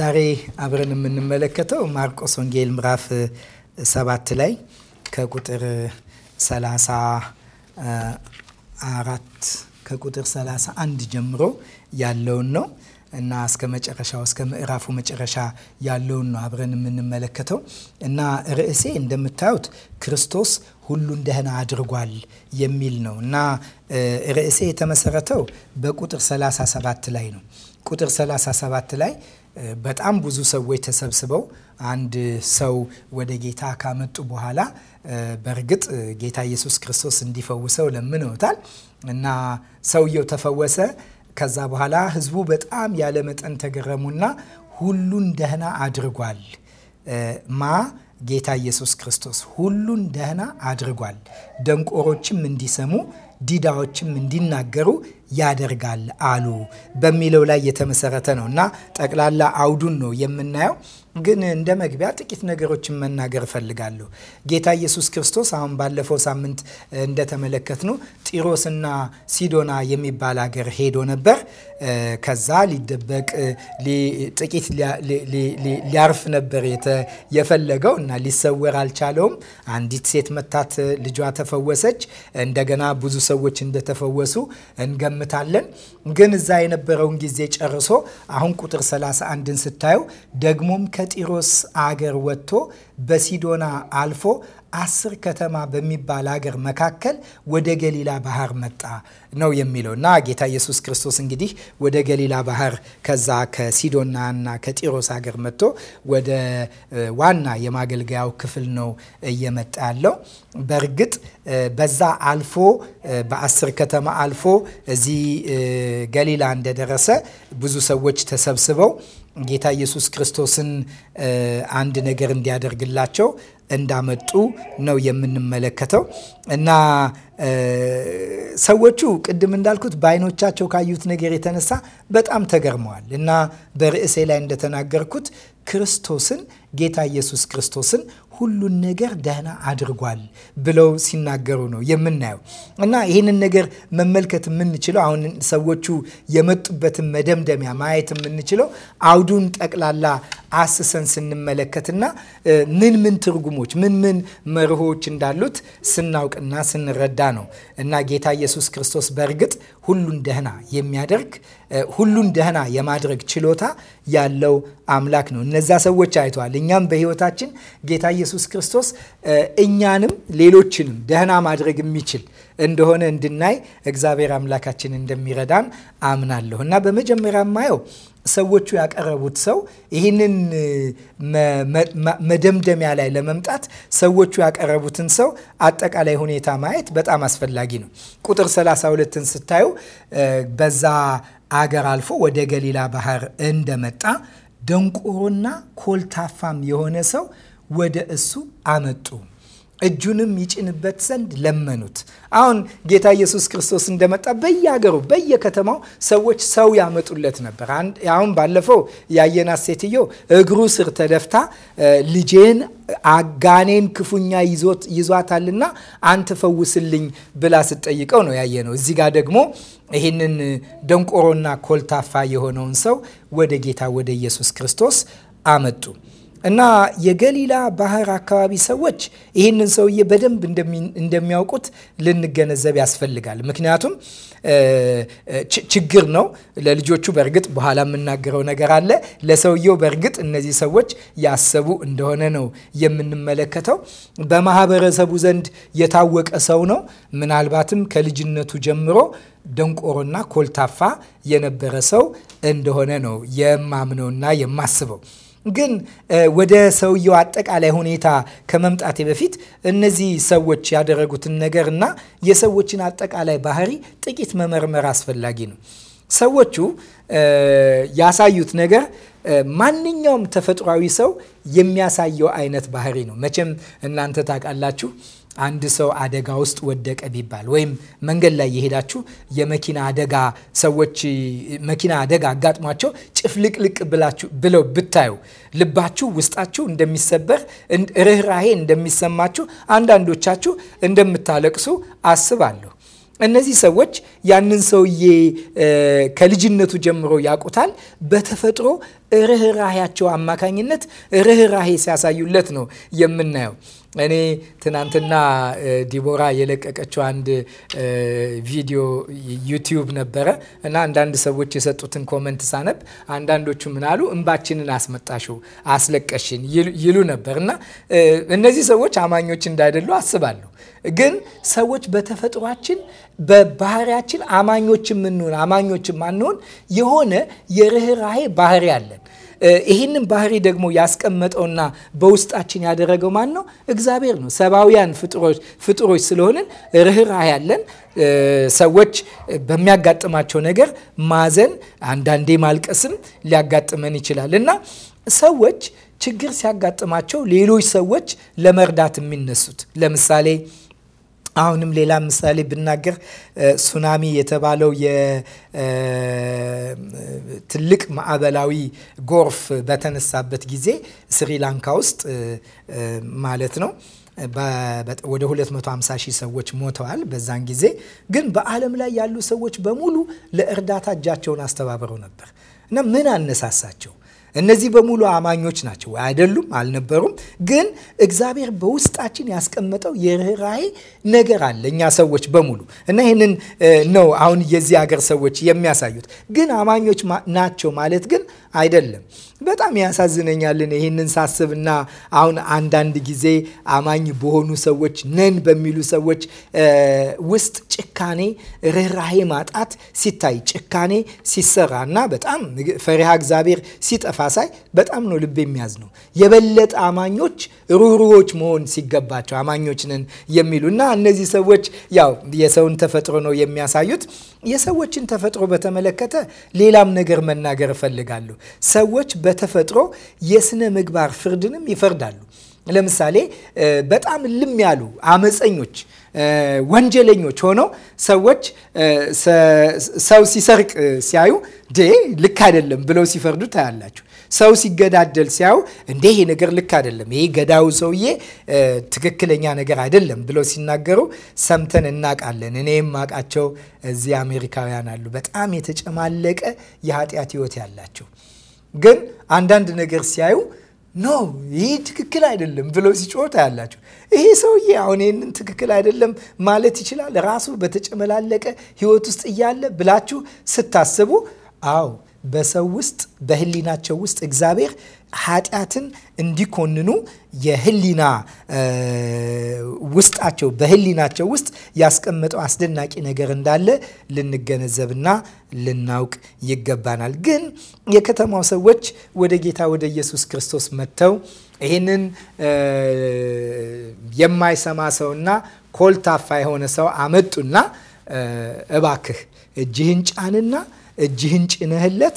ዛሬ አብረን የምንመለከተው ማርቆስ ወንጌል ምዕራፍ ሰባት ላይ ከቁጥር 34 ከቁጥር 31 ጀምሮ ያለውን ነው እና እስከ መጨረሻው እስከ ምዕራፉ መጨረሻ ያለውን ነው አብረን የምንመለከተው እና ርዕሴ እንደምታዩት ክርስቶስ ሁሉን ደህና አድርጓል የሚል ነው እና ርዕሴ የተመሰረተው በቁጥር 37 ላይ ነው። ቁጥር 37 ላይ በጣም ብዙ ሰዎች ተሰብስበው አንድ ሰው ወደ ጌታ ካመጡ በኋላ በእርግጥ ጌታ ኢየሱስ ክርስቶስ እንዲፈውሰው ለምነውታል እና ሰውየው ተፈወሰ። ከዛ በኋላ ህዝቡ በጣም ያለ መጠን ተገረሙና ሁሉን ደህና አድርጓል ማ ጌታ ኢየሱስ ክርስቶስ ሁሉን ደህና አድርጓል፣ ደንቆሮችም እንዲሰሙ ዲዳዎችም እንዲናገሩ ያደርጋል አሉ በሚለው ላይ የተመሰረተ ነው እና ጠቅላላ አውዱን ነው የምናየው። ግን እንደ መግቢያ ጥቂት ነገሮችን መናገር እፈልጋለሁ። ጌታ ኢየሱስ ክርስቶስ አሁን ባለፈው ሳምንት እንደተመለከትነው ጢሮስና ሲዶና የሚባል ሀገር ሄዶ ነበር። ከዛ ሊደበቅ ጥቂት ሊያርፍ ነበር የፈለገው እና ሊሰወር አልቻለውም። አንዲት ሴት መታት ልጇ ተፈወሰች። እንደገና ብዙ ሰዎች እንደተፈወሱ እንገምታለን። ግን እዛ የነበረውን ጊዜ ጨርሶ አሁን ቁጥር 31ን ስታዩ ደግሞም ከጢሮስ አገር ወጥቶ በሲዶና አልፎ አስር ከተማ በሚባል አገር መካከል ወደ ገሊላ ባህር መጣ ነው የሚለው እና ጌታ ኢየሱስ ክርስቶስ እንግዲህ ወደ ገሊላ ባህር ከዛ ከሲዶናና ከጢሮስ አገር መጥቶ ወደ ዋና የማገልገያው ክፍል ነው እየመጣ ያለው። በእርግጥ በዛ አልፎ በአስር ከተማ አልፎ እዚህ ገሊላ እንደደረሰ ብዙ ሰዎች ተሰብስበው ጌታ ኢየሱስ ክርስቶስን አንድ ነገር እንዲያደርግላቸው እንዳመጡ ነው የምንመለከተው እና ሰዎቹ ቅድም እንዳልኩት በአይኖቻቸው ካዩት ነገር የተነሳ በጣም ተገርመዋል እና በርዕሴ ላይ እንደተናገርኩት ክርስቶስን ጌታ ኢየሱስ ክርስቶስን ሁሉን ነገር ደህና አድርጓል ብለው ሲናገሩ ነው የምናየው። እና ይህንን ነገር መመልከት የምንችለው አሁን ሰዎቹ የመጡበትን መደምደሚያ ማየት የምንችለው አውዱን ጠቅላላ አስሰን ስንመለከትና ምን ምን ትርጉሞች ምን ምን መርሆች እንዳሉት ስናውቅና ስንረዳ ነው እና ጌታ ኢየሱስ ክርስቶስ በእርግጥ ሁሉን ደህና የሚያደርግ ሁሉን ደህና የማድረግ ችሎታ ያለው አምላክ ነው። እነዛ ሰዎች አይተዋል። እኛም በሕይወታችን ጌታ ኢየሱስ ክርስቶስ እኛንም ሌሎችንም ደህና ማድረግ የሚችል እንደሆነ እንድናይ እግዚአብሔር አምላካችን እንደሚረዳን አምናለሁ እና በመጀመሪያ ማየው ሰዎቹ ያቀረቡት ሰው ይህንን መደምደሚያ ላይ ለመምጣት ሰዎቹ ያቀረቡትን ሰው አጠቃላይ ሁኔታ ማየት በጣም አስፈላጊ ነው። ቁጥር 32ን ስታዩ በዛ አገር አልፎ ወደ ገሊላ ባህር እንደመጣ ደንቆሮና ኮልታፋም የሆነ ሰው ወደ እሱ አመጡ እጁንም ይጭንበት ዘንድ ለመኑት። አሁን ጌታ ኢየሱስ ክርስቶስ እንደመጣ በየሀገሩ በየከተማው ሰዎች ሰው ያመጡለት ነበር። አሁን ባለፈው ያየናት ሴትዮ እግሩ ስር ተደፍታ ልጄን አጋኔን ክፉኛ ይዟታልና አንተ ፈውስልኝ ብላ ስጠይቀው ነው ያየነው። እዚህ ጋር ደግሞ ይህንን ደንቆሮና ኮልታፋ የሆነውን ሰው ወደ ጌታ ወደ ኢየሱስ ክርስቶስ አመጡ። እና የገሊላ ባህር አካባቢ ሰዎች ይህንን ሰውዬ በደንብ እንደሚያውቁት ልንገነዘብ ያስፈልጋል። ምክንያቱም ችግር ነው ለልጆቹ። በእርግጥ በኋላ የምናገረው ነገር አለ። ለሰውየው በእርግጥ እነዚህ ሰዎች ያሰቡ እንደሆነ ነው የምንመለከተው። በማህበረሰቡ ዘንድ የታወቀ ሰው ነው። ምናልባትም ከልጅነቱ ጀምሮ ደንቆሮና ኮልታፋ የነበረ ሰው እንደሆነ ነው የማምነውና የማስበው። ግን ወደ ሰውየው አጠቃላይ ሁኔታ ከመምጣቴ በፊት እነዚህ ሰዎች ያደረጉትን ነገር እና የሰዎችን አጠቃላይ ባህሪ ጥቂት መመርመር አስፈላጊ ነው። ሰዎቹ ያሳዩት ነገር ማንኛውም ተፈጥሯዊ ሰው የሚያሳየው አይነት ባህሪ ነው። መቼም እናንተ ታውቃላችሁ አንድ ሰው አደጋ ውስጥ ወደቀ ቢባል ወይም መንገድ ላይ የሄዳችሁ የመኪና አደጋ ሰዎች መኪና አደጋ አጋጥሟቸው ጭፍልቅልቅ ብላችሁ ብለው ብታዩ ልባችሁ ውስጣችሁ እንደሚሰበር ርኅራሄ እንደሚሰማችሁ አንዳንዶቻችሁ እንደምታለቅሱ አስባለሁ። እነዚህ ሰዎች ያንን ሰውዬ ከልጅነቱ ጀምሮ ያውቁታል። በተፈጥሮ ርኅራሄያቸው አማካኝነት ርኅራሄ ሲያሳዩለት ነው የምናየው። እኔ ትናንትና ዲቦራ የለቀቀችው አንድ ቪዲዮ ዩቲዩብ ነበረ እና አንዳንድ ሰዎች የሰጡትን ኮመንት ሳነብ አንዳንዶቹ ምናሉ እንባችንን አስመጣሽው አስለቀሽን ይሉ ነበር እና እነዚህ ሰዎች አማኞች እንዳይደሉ አስባለሁ። ግን ሰዎች በተፈጥሯችን በባህሪያችን አማኞች የምንሆን አማኞች ማንሆን የሆነ የርኅራሄ ባህሪ አለን። ይህንን ባህሪ ደግሞ ያስቀመጠውና በውስጣችን ያደረገው ማን ነው? እግዚአብሔር ነው። ሰብአውያን ፍጡሮች ስለሆንን ርኅራኄ ያለን ሰዎች በሚያጋጥማቸው ነገር ማዘን፣ አንዳንዴ ማልቀስም ሊያጋጥመን ይችላል እና ሰዎች ችግር ሲያጋጥማቸው ሌሎች ሰዎች ለመርዳት የሚነሱት ለምሳሌ አሁንም ሌላ ምሳሌ ብናገር ሱናሚ የተባለው የትልቅ ማዕበላዊ ጎርፍ በተነሳበት ጊዜ ስሪላንካ ውስጥ ማለት ነው ወደ 250 ሺህ ሰዎች ሞተዋል። በዛን ጊዜ ግን በዓለም ላይ ያሉ ሰዎች በሙሉ ለእርዳታ እጃቸውን አስተባብረው ነበር እና ምን አነሳሳቸው? እነዚህ በሙሉ አማኞች ናቸው አይደሉም? አልነበሩም። ግን እግዚአብሔር በውስጣችን ያስቀመጠው የርኅራኄ ነገር አለ እኛ ሰዎች በሙሉ እና ይህንን ነው አሁን የዚህ ሀገር ሰዎች የሚያሳዩት። ግን አማኞች ናቸው ማለት ግን አይደለም። በጣም ያሳዝነኛልን ይህንን ሳስብና አሁን አንዳንድ ጊዜ አማኝ በሆኑ ሰዎች ነን በሚሉ ሰዎች ውስጥ ጭካኔ፣ ርኅራሄ ማጣት ሲታይ ጭካኔ ሲሰራ እና በጣም ፈሪሃ እግዚአብሔር ሲጠፋ ሳይ በጣም ነው ልብ የሚያዝ ነው። የበለጠ አማኞች ሩህሩሆች መሆን ሲገባቸው አማኞች ነን የሚሉ እና እነዚህ ሰዎች ያው የሰውን ተፈጥሮ ነው የሚያሳዩት። የሰዎችን ተፈጥሮ በተመለከተ ሌላም ነገር መናገር እፈልጋለሁ። ሰዎች በተፈጥሮ የስነ ምግባር ፍርድንም ይፈርዳሉ። ለምሳሌ በጣም ልም ያሉ አመፀኞች፣ ወንጀለኞች ሆነው ሰዎች ሰው ሲሰርቅ ሲያዩ ዴ ልክ አይደለም ብለው ሲፈርዱ ታያላችሁ። ሰው ሲገዳደል ሲያዩ እንዴ ይሄ ነገር ልክ አይደለም፣ ይሄ ገዳዩ ሰውዬ ትክክለኛ ነገር አይደለም ብለው ሲናገሩ ሰምተን እናውቃለን። እኔ አውቃቸው እዚህ አሜሪካውያን አሉ፣ በጣም የተጨማለቀ የኃጢአት ህይወት ያላቸው ግን አንዳንድ ነገር ሲያዩ ኖ ይህ ትክክል አይደለም ብለው ሲጮታ ያላቸው ይሄ ሰውዬ አሁን ይህንን ትክክል አይደለም ማለት ይችላል። ራሱ በተጨመላለቀ ህይወት ውስጥ እያለ ብላችሁ ስታስቡ፣ አዎ በሰው ውስጥ በህሊናቸው ውስጥ እግዚአብሔር ኃጢአትን እንዲኮንኑ የህሊና ውስጣቸው በህሊናቸው ውስጥ ያስቀመጠው አስደናቂ ነገር እንዳለ ልንገነዘብና ልናውቅ ይገባናል። ግን የከተማው ሰዎች ወደ ጌታ ወደ ኢየሱስ ክርስቶስ መጥተው ይህንን የማይሰማ ሰውና ኮልታፋ የሆነ ሰው አመጡና እባክህ እጅህን ጫንና እጅህን ጭነህለት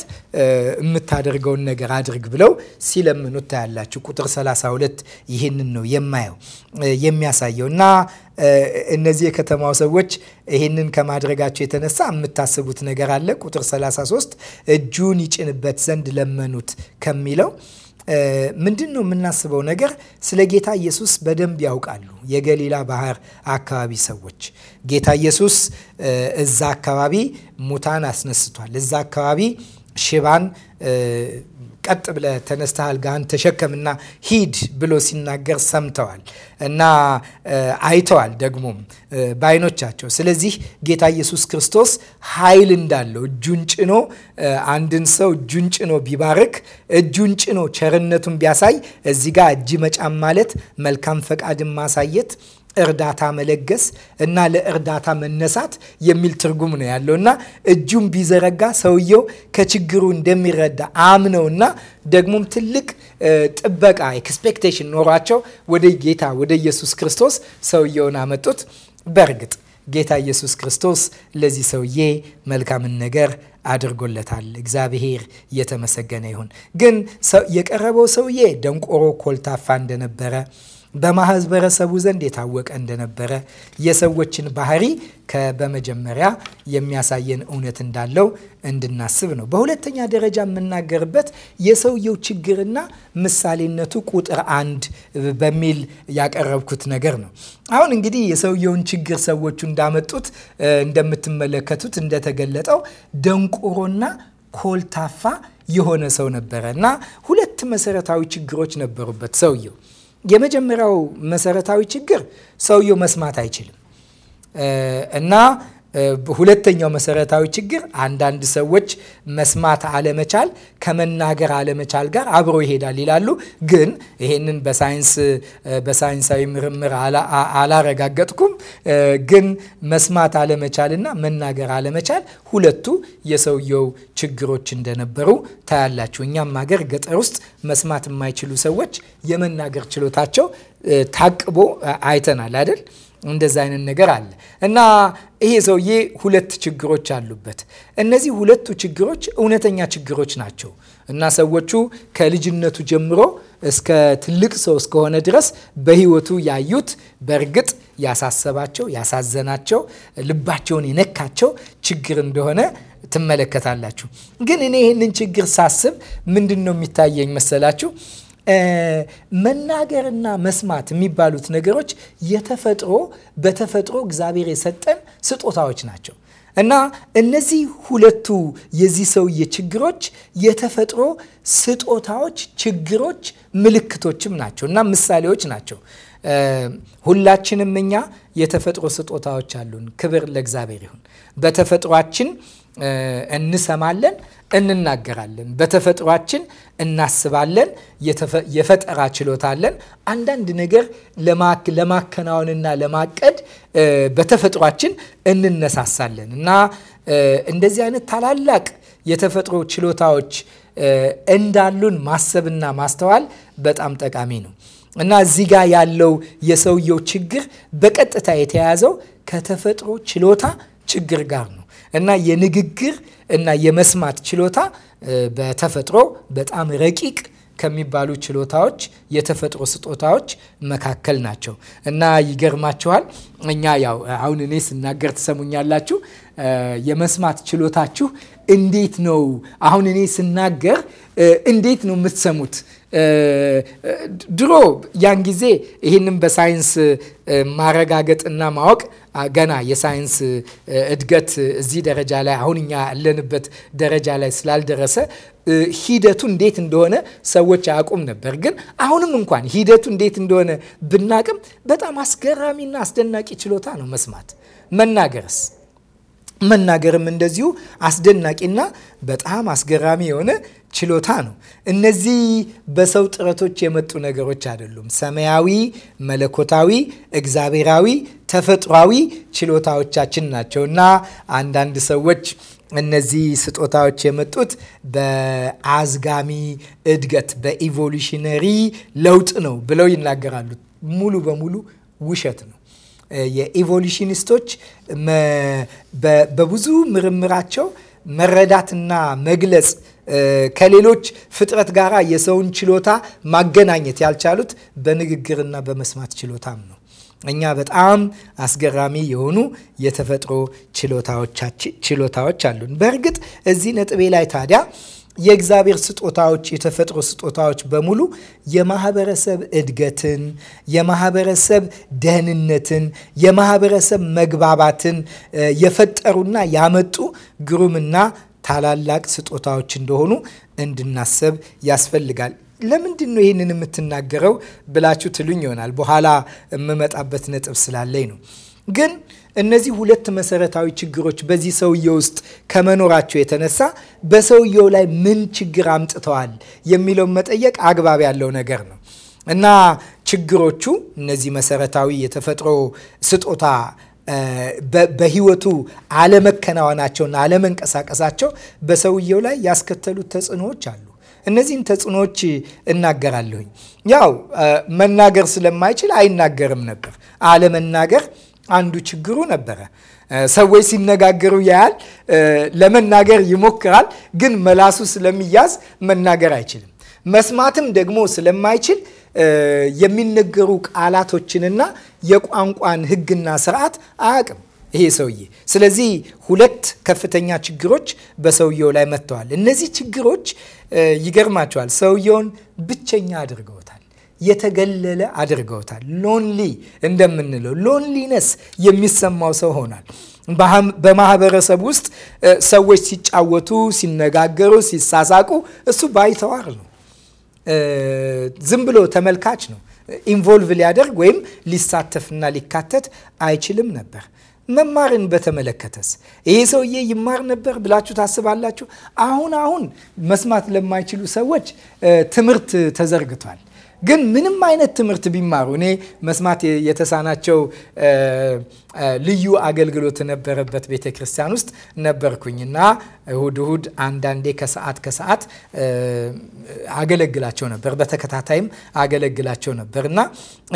የምታደርገውን ነገር አድርግ ብለው ሲለምኑት ታያላችሁ። ቁጥር 32 ይህንን ነው የማየው የሚያሳየው እና እነዚህ የከተማው ሰዎች ይህንን ከማድረጋቸው የተነሳ የምታስቡት ነገር አለ። ቁጥር 33 እጁን ይጭንበት ዘንድ ለመኑት ከሚለው ምንድን ነው የምናስበው ነገር ስለ ጌታ ኢየሱስ በደንብ ያውቃሉ የገሊላ ባህር አካባቢ ሰዎች። ጌታ ኢየሱስ እዛ አካባቢ ሙታን አስነስቷል። እዛ አካባቢ ሽባን ቀጥ ብለ ተነስተሃል ጋን ተሸከምና ሂድ ብሎ ሲናገር ሰምተዋል እና አይተዋል ደግሞም በአይኖቻቸው ስለዚህ ጌታ ኢየሱስ ክርስቶስ ኃይል እንዳለው እጁን ጭኖ አንድን ሰው እጁን ጭኖ ቢባርክ እጁን ጭኖ ቸርነቱን ቢያሳይ እዚህ ጋር እጅ መጫን ማለት መልካም ፈቃድን ማሳየት እርዳታ መለገስ እና ለእርዳታ መነሳት የሚል ትርጉም ነው ያለው እና እጁን ቢዘረጋ ሰውየው ከችግሩ እንደሚረዳ አምነው እና ደግሞም ትልቅ ጥበቃ ኤክስፔክቴሽን ኖሯቸው ወደ ጌታ ወደ ኢየሱስ ክርስቶስ ሰውየውን አመጡት። በእርግጥ ጌታ ኢየሱስ ክርስቶስ ለዚህ ሰውዬ መልካምን ነገር አድርጎለታል። እግዚአብሔር እየተመሰገነ ይሁን። ግን የቀረበው ሰውዬ ደንቆሮ ኮልታፋ እንደነበረ በማህበረሰቡ ዘንድ የታወቀ እንደነበረ የሰዎችን ባህሪ በመጀመሪያ የሚያሳየን እውነት እንዳለው እንድናስብ ነው። በሁለተኛ ደረጃ የምናገርበት የሰውየው ችግርና ምሳሌነቱ ቁጥር አንድ በሚል ያቀረብኩት ነገር ነው። አሁን እንግዲህ የሰውየውን ችግር ሰዎቹ እንዳመጡት እንደምትመለከቱት እንደተገለጠው ደንቆሮና ኮልታፋ የሆነ ሰው ነበረ እና ሁለት መሰረታዊ ችግሮች ነበሩበት ሰውየው የመጀመሪያው መሰረታዊ ችግር ሰውየው መስማት አይችልም እና ሁለተኛው መሰረታዊ ችግር አንዳንድ ሰዎች መስማት አለመቻል ከመናገር አለመቻል ጋር አብሮ ይሄዳል ይላሉ። ግን ይሄንን በሳይንስ በሳይንሳዊ ምርምር አላረጋገጥኩም። ግን መስማት አለመቻል እና መናገር አለመቻል ሁለቱ የሰውየው ችግሮች እንደነበሩ ታያላችሁ። እኛም ሀገር ገጠር ውስጥ መስማት የማይችሉ ሰዎች የመናገር ችሎታቸው ታቅቦ አይተናል አይደል? እንደዚህ አይነት ነገር አለ እና ይሄ ሰውዬ ሁለት ችግሮች አሉበት። እነዚህ ሁለቱ ችግሮች እውነተኛ ችግሮች ናቸው እና ሰዎቹ ከልጅነቱ ጀምሮ እስከ ትልቅ ሰው እስከሆነ ድረስ በህይወቱ ያዩት በእርግጥ ያሳሰባቸው፣ ያሳዘናቸው፣ ልባቸውን የነካቸው ችግር እንደሆነ ትመለከታላችሁ። ግን እኔ ይህንን ችግር ሳስብ ምንድን ነው የሚታየኝ መሰላችሁ? መናገርና መስማት የሚባሉት ነገሮች የተፈጥሮ በተፈጥሮ እግዚአብሔር የሰጠን ስጦታዎች ናቸው እና እነዚህ ሁለቱ የዚህ ሰውዬ ችግሮች የተፈጥሮ ስጦታዎች፣ ችግሮች፣ ምልክቶችም ናቸው እና ምሳሌዎች ናቸው። ሁላችንም እኛ የተፈጥሮ ስጦታዎች አሉን። ክብር ለእግዚአብሔር ይሁን። በተፈጥሯችን እንሰማለን፣ እንናገራለን፣ በተፈጥሯችን እናስባለን፣ የፈጠራ ችሎታለን። አንዳንድ ነገር ለማከናወንና ለማቀድ በተፈጥሯችን እንነሳሳለን እና እንደዚህ አይነት ታላላቅ የተፈጥሮ ችሎታዎች እንዳሉን ማሰብና ማስተዋል በጣም ጠቃሚ ነው እና እዚህ ጋር ያለው የሰውየው ችግር በቀጥታ የተያያዘው ከተፈጥሮ ችሎታ ችግር ጋር ነው። እና የንግግር እና የመስማት ችሎታ በተፈጥሮ በጣም ረቂቅ ከሚባሉ ችሎታዎች የተፈጥሮ ስጦታዎች መካከል ናቸው እና ይገርማችኋል። እኛ ያው አሁን እኔ ስናገር ትሰሙኛላችሁ። የመስማት ችሎታችሁ እንዴት ነው አሁን እኔ ስናገር እንዴት ነው የምትሰሙት? ድሮ ያን ጊዜ ይህንም በሳይንስ ማረጋገጥና ማወቅ ገና የሳይንስ እድገት እዚህ ደረጃ ላይ አሁን እኛ ያለንበት ደረጃ ላይ ስላልደረሰ ሂደቱ እንዴት እንደሆነ ሰዎች አያውቁም ነበር። ግን አሁንም እንኳን ሂደቱ እንዴት እንደሆነ ብናቅም በጣም አስገራሚና አስደናቂ ችሎታ ነው መስማት መናገርስ መናገርም እንደዚሁ አስደናቂና በጣም አስገራሚ የሆነ ችሎታ ነው። እነዚህ በሰው ጥረቶች የመጡ ነገሮች አይደሉም። ሰማያዊ፣ መለኮታዊ፣ እግዚአብሔራዊ፣ ተፈጥሯዊ ችሎታዎቻችን ናቸው እና አንዳንድ ሰዎች እነዚህ ስጦታዎች የመጡት በአዝጋሚ እድገት በኢቮሉሽነሪ ለውጥ ነው ብለው ይናገራሉ። ሙሉ በሙሉ ውሸት ነው። የኢቮሉሽኒስቶች በብዙ ምርምራቸው መረዳትና መግለጽ ከሌሎች ፍጥረት ጋር የሰውን ችሎታ ማገናኘት ያልቻሉት በንግግርና በመስማት ችሎታም ነው። እኛ በጣም አስገራሚ የሆኑ የተፈጥሮ ችሎታዎች አሉን። በእርግጥ እዚህ ነጥቤ ላይ ታዲያ የእግዚአብሔር ስጦታዎች የተፈጥሮ ስጦታዎች በሙሉ የማህበረሰብ እድገትን፣ የማህበረሰብ ደህንነትን፣ የማህበረሰብ መግባባትን የፈጠሩና ያመጡ ግሩምና ታላላቅ ስጦታዎች እንደሆኑ እንድናሰብ ያስፈልጋል። ለምንድን ነው ይህንን የምትናገረው ብላችሁ ትሉኝ ይሆናል። በኋላ የምመጣበት ነጥብ ስላለኝ ነው ግን እነዚህ ሁለት መሰረታዊ ችግሮች በዚህ ሰውዬ ውስጥ ከመኖራቸው የተነሳ በሰውየው ላይ ምን ችግር አምጥተዋል የሚለውን መጠየቅ አግባብ ያለው ነገር ነው እና ችግሮቹ እነዚህ መሰረታዊ የተፈጥሮ ስጦታ በህይወቱ አለመከናወናቸውና አለመንቀሳቀሳቸው በሰውየው ላይ ያስከተሉት ተጽዕኖዎች አሉ። እነዚህን ተጽዕኖዎች እናገራለሁኝ። ያው መናገር ስለማይችል አይናገርም ነበር። አለመናገር አንዱ ችግሩ ነበረ። ሰዎች ሲነጋገሩ ያያል፣ ለመናገር ይሞክራል፣ ግን መላሱ ስለሚያዝ መናገር አይችልም። መስማትም ደግሞ ስለማይችል የሚነገሩ ቃላቶችንና የቋንቋን ሕግና ስርዓት አያውቅም ይሄ ሰውዬ። ስለዚህ ሁለት ከፍተኛ ችግሮች በሰውየው ላይ መጥተዋል። እነዚህ ችግሮች ይገርማቸዋል፣ ሰውየውን ብቸኛ አድርገው የተገለለ አድርገውታል። ሎንሊ እንደምንለው ሎንሊነስ የሚሰማው ሰው ሆኗል። በማህበረሰብ ውስጥ ሰዎች ሲጫወቱ፣ ሲነጋገሩ፣ ሲሳሳቁ እሱ ባይተዋር ነው። ዝም ብሎ ተመልካች ነው። ኢንቮልቭ ሊያደርግ ወይም ሊሳተፍና ሊካተት አይችልም ነበር። መማርን በተመለከተስ ይሄ ሰውዬ ይማር ነበር ብላችሁ ታስባላችሁ? አሁን አሁን መስማት ለማይችሉ ሰዎች ትምህርት ተዘርግቷል። ግን ምንም አይነት ትምህርት ቢማሩ እኔ መስማት የተሳናቸው ልዩ አገልግሎት ነበረበት ቤተ ክርስቲያን ውስጥ ነበርኩኝ እና እሁድ እሁድ አንዳንዴ ከሰዓት ከሰዓት አገለግላቸው ነበር። በተከታታይም አገለግላቸው ነበር እና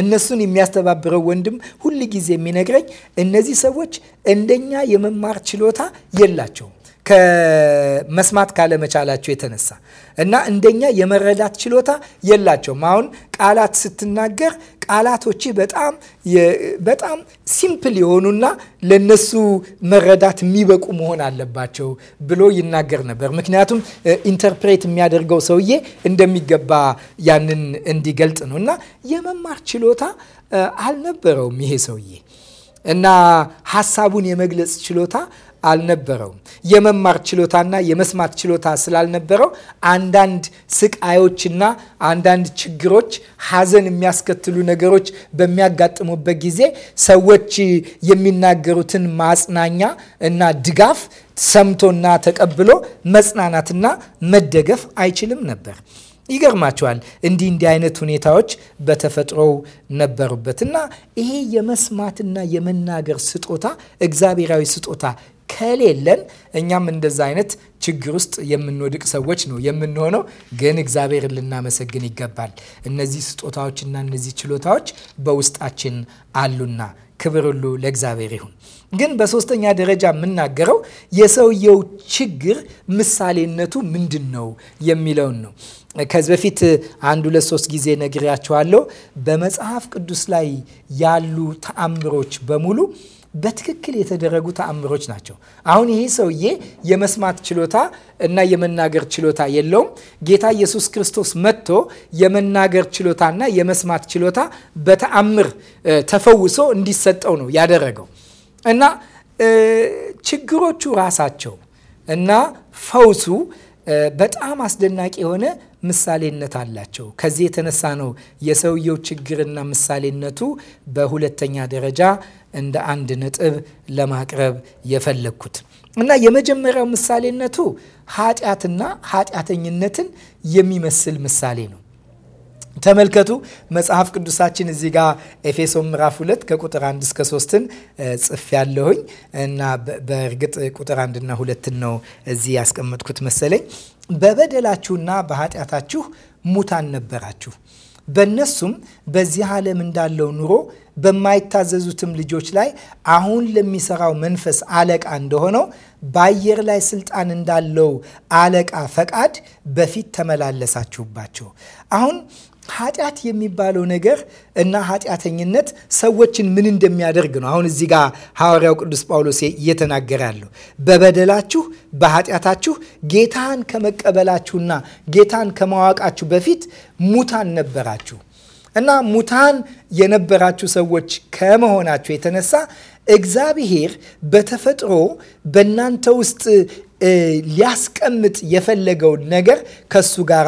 እነሱን የሚያስተባብረው ወንድም ሁል ጊዜ የሚነግረኝ እነዚህ ሰዎች እንደኛ የመማር ችሎታ የላቸውም ከመስማት ካለመቻላቸው የተነሳ እና እንደኛ የመረዳት ችሎታ የላቸውም። አሁን ቃላት ስትናገር ቃላቶች በጣም በጣም ሲምፕል የሆኑና ለነሱ መረዳት የሚበቁ መሆን አለባቸው ብሎ ይናገር ነበር። ምክንያቱም ኢንተርፕሬት የሚያደርገው ሰውዬ እንደሚገባ ያንን እንዲገልጥ ነው እና የመማር ችሎታ አልነበረውም ይሄ ሰውዬ እና ሀሳቡን የመግለጽ ችሎታ አልነበረውም። የመማር ችሎታና የመስማት ችሎታ ስላልነበረው አንዳንድ ስቃዮችና አንዳንድ ችግሮች፣ ሐዘን የሚያስከትሉ ነገሮች በሚያጋጥሙበት ጊዜ ሰዎች የሚናገሩትን ማጽናኛ እና ድጋፍ ሰምቶና ተቀብሎ መጽናናትና መደገፍ አይችልም ነበር። ይገርማቸዋል። እንዲህ እንዲህ አይነት ሁኔታዎች በተፈጥሮው ነበሩበት እና ይሄ የመስማትና የመናገር ስጦታ እግዚአብሔራዊ ስጦታ ከሌለን እኛም እንደዛ አይነት ችግር ውስጥ የምንወድቅ ሰዎች ነው የምንሆነው። ግን እግዚአብሔር ልናመሰግን ይገባል። እነዚህ ስጦታዎችና እነዚህ ችሎታዎች በውስጣችን አሉና ክብር ሁሉ ለእግዚአብሔር ይሁን። ግን በሶስተኛ ደረጃ የምናገረው የሰውየው ችግር ምሳሌነቱ ምንድን ነው የሚለውን ነው። ከዚህ በፊት አንድ ሁለት ሶስት ጊዜ ነግሬያቸዋለሁ። በመጽሐፍ ቅዱስ ላይ ያሉ ተአምሮች በሙሉ በትክክል የተደረጉ ተአምሮች ናቸው። አሁን ይህ ሰውዬ የመስማት ችሎታ እና የመናገር ችሎታ የለውም። ጌታ ኢየሱስ ክርስቶስ መጥቶ የመናገር ችሎታና የመስማት ችሎታ በተአምር ተፈውሶ እንዲሰጠው ነው ያደረገው እና ችግሮቹ ራሳቸው እና ፈውሱ በጣም አስደናቂ የሆነ ምሳሌነት አላቸው። ከዚህ የተነሳ ነው የሰውየው ችግርና ምሳሌነቱ በሁለተኛ ደረጃ እንደ አንድ ነጥብ ለማቅረብ የፈለግኩት እና የመጀመሪያው ምሳሌነቱ ኃጢአትና ኃጢአተኝነትን የሚመስል ምሳሌ ነው። ተመልከቱ መጽሐፍ ቅዱሳችን እዚህ ጋር ኤፌሶን ምዕራፍ 2 ከቁጥር 1 እስከ 3ን ጽፍ ያለሁኝ እና በእርግጥ ቁጥር 1 እና 2 ነው እዚህ ያስቀመጥኩት መሰለኝ። በበደላችሁና በኃጢአታችሁ ሙታን ነበራችሁ በእነሱም በዚህ ዓለም እንዳለው ኑሮ በማይታዘዙትም ልጆች ላይ አሁን ለሚሰራው መንፈስ አለቃ እንደሆነው በአየር ላይ ስልጣን እንዳለው አለቃ ፈቃድ በፊት ተመላለሳችሁባቸው። አሁን ኃጢአት የሚባለው ነገር እና ኃጢአተኝነት ሰዎችን ምን እንደሚያደርግ ነው። አሁን እዚህ ጋር ሐዋርያው ቅዱስ ጳውሎስ እየተናገረ ያለው በበደላችሁ በኃጢአታችሁ ጌታን ከመቀበላችሁና ጌታን ከማዋቃችሁ በፊት ሙታን ነበራችሁ እና ሙታን የነበራችሁ ሰዎች ከመሆናችሁ የተነሳ እግዚአብሔር በተፈጥሮ በእናንተ ውስጥ ሊያስቀምጥ የፈለገውን ነገር ከሱ ጋር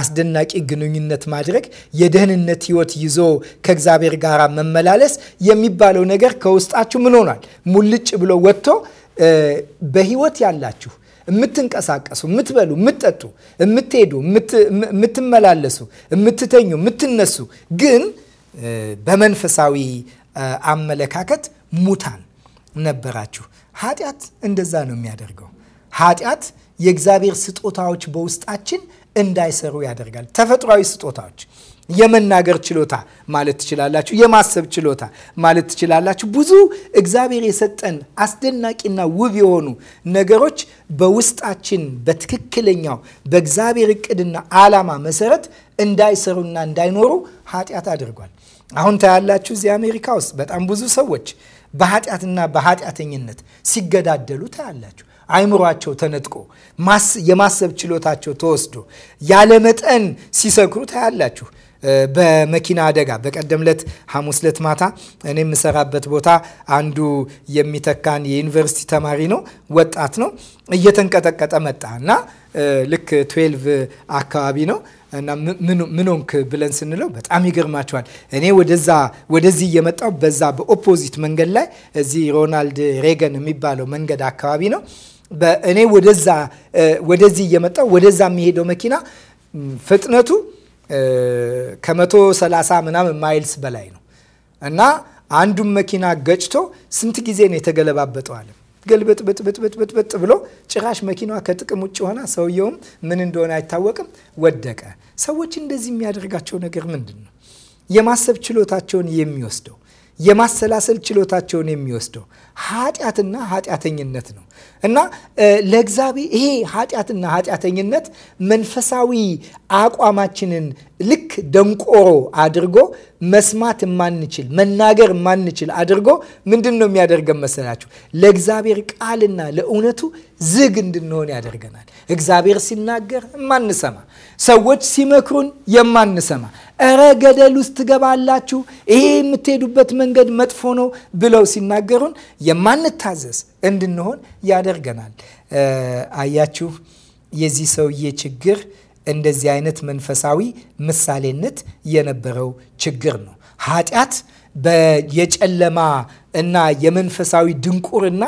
አስደናቂ ግንኙነት ማድረግ፣ የደህንነት ህይወት ይዞ ከእግዚአብሔር ጋር መመላለስ የሚባለው ነገር ከውስጣችሁ ምን ሆኗል? ሙልጭ ብሎ ወጥቶ በህይወት ያላችሁ የምትንቀሳቀሱ፣ የምትበሉ፣ የምትጠጡ፣ የምትሄዱ፣ የምትመላለሱ፣ የምትተኙ፣ የምትነሱ ግን በመንፈሳዊ አመለካከት ሙታን ነበራችሁ። ኃጢአት እንደዛ ነው የሚያደርገው። ኃጢአት የእግዚአብሔር ስጦታዎች በውስጣችን እንዳይሰሩ ያደርጋል። ተፈጥሯዊ ስጦታዎች የመናገር ችሎታ ማለት ትችላላችሁ። የማሰብ ችሎታ ማለት ትችላላችሁ። ብዙ እግዚአብሔር የሰጠን አስደናቂና ውብ የሆኑ ነገሮች በውስጣችን በትክክለኛው በእግዚአብሔር እቅድና ዓላማ መሰረት እንዳይሰሩና እንዳይኖሩ ኃጢአት አድርጓል። አሁን ታያላችሁ እዚህ አሜሪካ ውስጥ በጣም ብዙ ሰዎች በኃጢአትና በኃጢአተኝነት ሲገዳደሉ ታያላችሁ። አይምሯቸው ተነጥቆ የማሰብ ችሎታቸው ተወስዶ ያለ መጠን ሲሰክሩ ታያላችሁ። በመኪና አደጋ በቀደም ለት ሐሙስ ለት ማታ እኔ የምሰራበት ቦታ አንዱ የሚተካን የዩኒቨርሲቲ ተማሪ ነው፣ ወጣት ነው። እየተንቀጠቀጠ መጣ እና ልክ ትዌልቭ አካባቢ ነው እና ምን ሆንክ ብለን ስንለው በጣም ይገርማቸዋል። እኔ ወደዛ ወደዚህ እየመጣው በዛ በኦፖዚት መንገድ ላይ እዚህ ሮናልድ ሬገን የሚባለው መንገድ አካባቢ ነው እኔ ወደዛ ወደዚህ እየመጣው ወደዛ የሚሄደው መኪና ፍጥነቱ ከመቶ ሰላሳ ምናምን ማይልስ በላይ ነው እና አንዱን መኪና ገጭቶ ስንት ጊዜ ነው የተገለባበጠው አለ ገልበጥበጥበጥበጥበጥ ብሎ ጭራሽ መኪናዋ ከጥቅም ውጭ ሆና ሰውየውም ምን እንደሆነ አይታወቅም፣ ወደቀ። ሰዎች እንደዚህ የሚያደርጋቸው ነገር ምንድን ነው? የማሰብ ችሎታቸውን የሚወስደው የማሰላሰል ችሎታቸውን የሚወስደው ኃጢአትና ኃጢአተኝነት ነው እና ለእግዚአብሔር ይሄ ኃጢአትና ኃጢአተኝነት መንፈሳዊ አቋማችንን ልክ ደንቆሮ አድርጎ መስማት የማንችል መናገር የማንችል አድርጎ ምንድን ነው የሚያደርገን መሰላችሁ? ለእግዚአብሔር ቃልና ለእውነቱ ዝግ እንድንሆን ያደርገናል። እግዚአብሔር ሲናገር የማንሰማ ሰዎች ሲመክሩን የማንሰማ እረ ገደል ውስጥ ትገባላችሁ፣ ይሄ የምትሄዱበት መንገድ መጥፎ ነው ብለው ሲናገሩን የማንታዘዝ እንድንሆን ያደርገናል። አያችሁ፣ የዚህ ሰውዬ ችግር እንደዚህ አይነት መንፈሳዊ ምሳሌነት የነበረው ችግር ነው። ኃጢአት የጨለማ እና የመንፈሳዊ ድንቁርና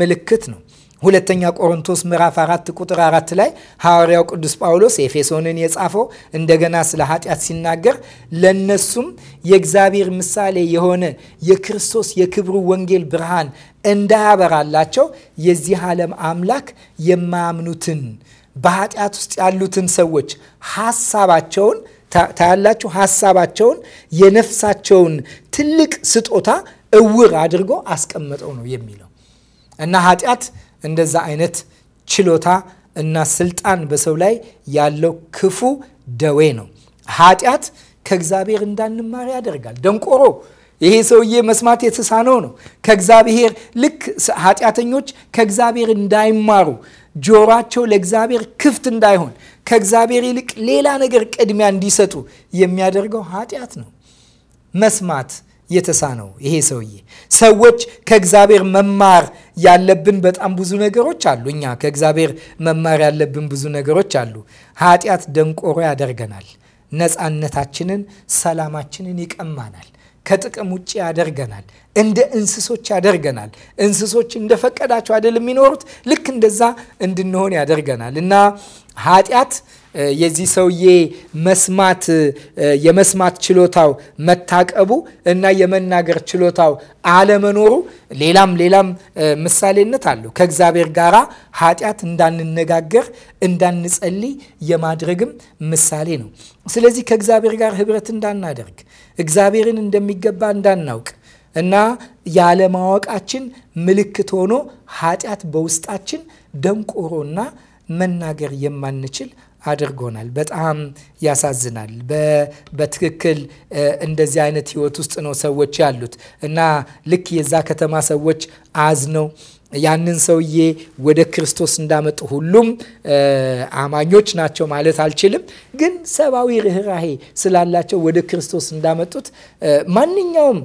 ምልክት ነው። ሁለተኛ ቆሮንቶስ ምዕራፍ አራት ቁጥር አራት ላይ ሐዋርያው ቅዱስ ጳውሎስ ኤፌሶንን የጻፈው እንደገና ስለ ኃጢአት ሲናገር ለነሱም የእግዚአብሔር ምሳሌ የሆነ የክርስቶስ የክብሩ ወንጌል ብርሃን እንዳያበራላቸው የዚህ ዓለም አምላክ የማያምኑትን በኃጢአት ውስጥ ያሉትን ሰዎች ሀሳባቸውን ታያላችሁ፣ ሀሳባቸውን የነፍሳቸውን ትልቅ ስጦታ እውር አድርጎ አስቀመጠው ነው የሚለው እና ኃጢአት እንደዛ አይነት ችሎታ እና ስልጣን በሰው ላይ ያለው ክፉ ደዌ ነው። ኃጢአት ከእግዚአብሔር እንዳንማር ያደርጋል። ደንቆሮ ይሄ ሰውዬ መስማት የተሳነው ነው። ከእግዚአብሔር ልክ ኃጢአተኞች ከእግዚአብሔር እንዳይማሩ ጆሯቸው ለእግዚአብሔር ክፍት እንዳይሆን ከእግዚአብሔር ይልቅ ሌላ ነገር ቅድሚያ እንዲሰጡ የሚያደርገው ኃጢአት ነው መስማት የተሳነው ይሄ ሰውዬ። ሰዎች ከእግዚአብሔር መማር ያለብን በጣም ብዙ ነገሮች አሉ። እኛ ከእግዚአብሔር መማር ያለብን ብዙ ነገሮች አሉ። ኃጢአት ደንቆሮ ያደርገናል። ነፃነታችንን፣ ሰላማችንን ይቀማናል። ከጥቅም ውጭ ያደርገናል። እንደ እንስሶች ያደርገናል። እንስሶች እንደፈቀዳቸው አይደል የሚኖሩት? ልክ እንደዛ እንድንሆን ያደርገናል እና ኃጢአት የዚህ ሰውዬ መስማት የመስማት ችሎታው መታቀቡ እና የመናገር ችሎታው አለመኖሩ ሌላም ሌላም ምሳሌነት አለው። ከእግዚአብሔር ጋር ኃጢአት እንዳንነጋገር እንዳንጸልይ የማድረግም ምሳሌ ነው። ስለዚህ ከእግዚአብሔር ጋር ህብረት እንዳናደርግ እግዚአብሔርን እንደሚገባ እንዳናውቅ እና ያለማወቃችን ምልክት ሆኖ ኃጢአት በውስጣችን ደንቆሮና መናገር የማንችል አድርጎናል። በጣም ያሳዝናል። በትክክል እንደዚህ አይነት ህይወት ውስጥ ነው ሰዎች ያሉት እና ልክ የዛ ከተማ ሰዎች አዝነው ያንን ሰውዬ ወደ ክርስቶስ እንዳመጡ ሁሉም አማኞች ናቸው ማለት አልችልም፣ ግን ሰብአዊ ርኅራሄ ስላላቸው ወደ ክርስቶስ እንዳመጡት ማንኛውም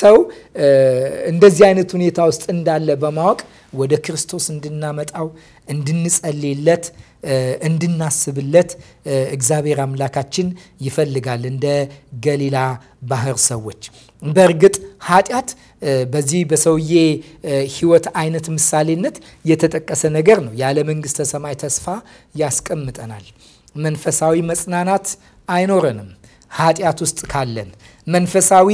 ሰው እንደዚህ አይነት ሁኔታ ውስጥ እንዳለ በማወቅ ወደ ክርስቶስ እንድናመጣው እንድንጸልይለት እንድናስብለት እግዚአብሔር አምላካችን ይፈልጋል። እንደ ገሊላ ባህር ሰዎች በእርግጥ ኃጢአት በዚህ በሰውዬ ህይወት አይነት ምሳሌነት የተጠቀሰ ነገር ነው። ያለ መንግስተ ሰማይ ተስፋ ያስቀምጠናል። መንፈሳዊ መጽናናት አይኖረንም ኃጢአት ውስጥ ካለን መንፈሳዊ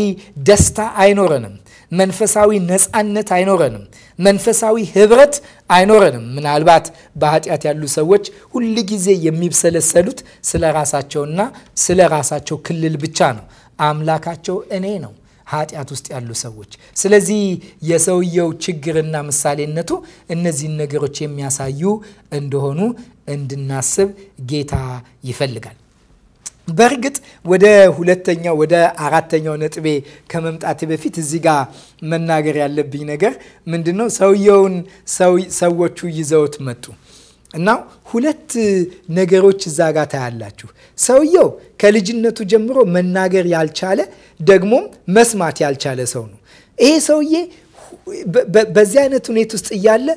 ደስታ አይኖረንም መንፈሳዊ ነፃነት አይኖረንም። መንፈሳዊ ህብረት አይኖረንም። ምናልባት በኃጢአት ያሉ ሰዎች ሁል ጊዜ የሚብሰለሰሉት ስለ ራሳቸውና ስለ ራሳቸው ክልል ብቻ ነው። አምላካቸው እኔ ነው ኃጢአት ውስጥ ያሉ ሰዎች። ስለዚህ የሰውየው ችግርና ምሳሌነቱ እነዚህን ነገሮች የሚያሳዩ እንደሆኑ እንድናስብ ጌታ ይፈልጋል። በእርግጥ ወደ ሁለተኛው ወደ አራተኛው ነጥቤ ከመምጣቴ በፊት እዚህ ጋር መናገር ያለብኝ ነገር ምንድን ነው? ሰውየውን ሰዎቹ ይዘውት መጡ እና ሁለት ነገሮች እዛ ጋር ታያላችሁ። ሰውየው ከልጅነቱ ጀምሮ መናገር ያልቻለ ደግሞም መስማት ያልቻለ ሰው ነው። ይሄ ሰውዬ በዚህ አይነት ሁኔታ ውስጥ እያለ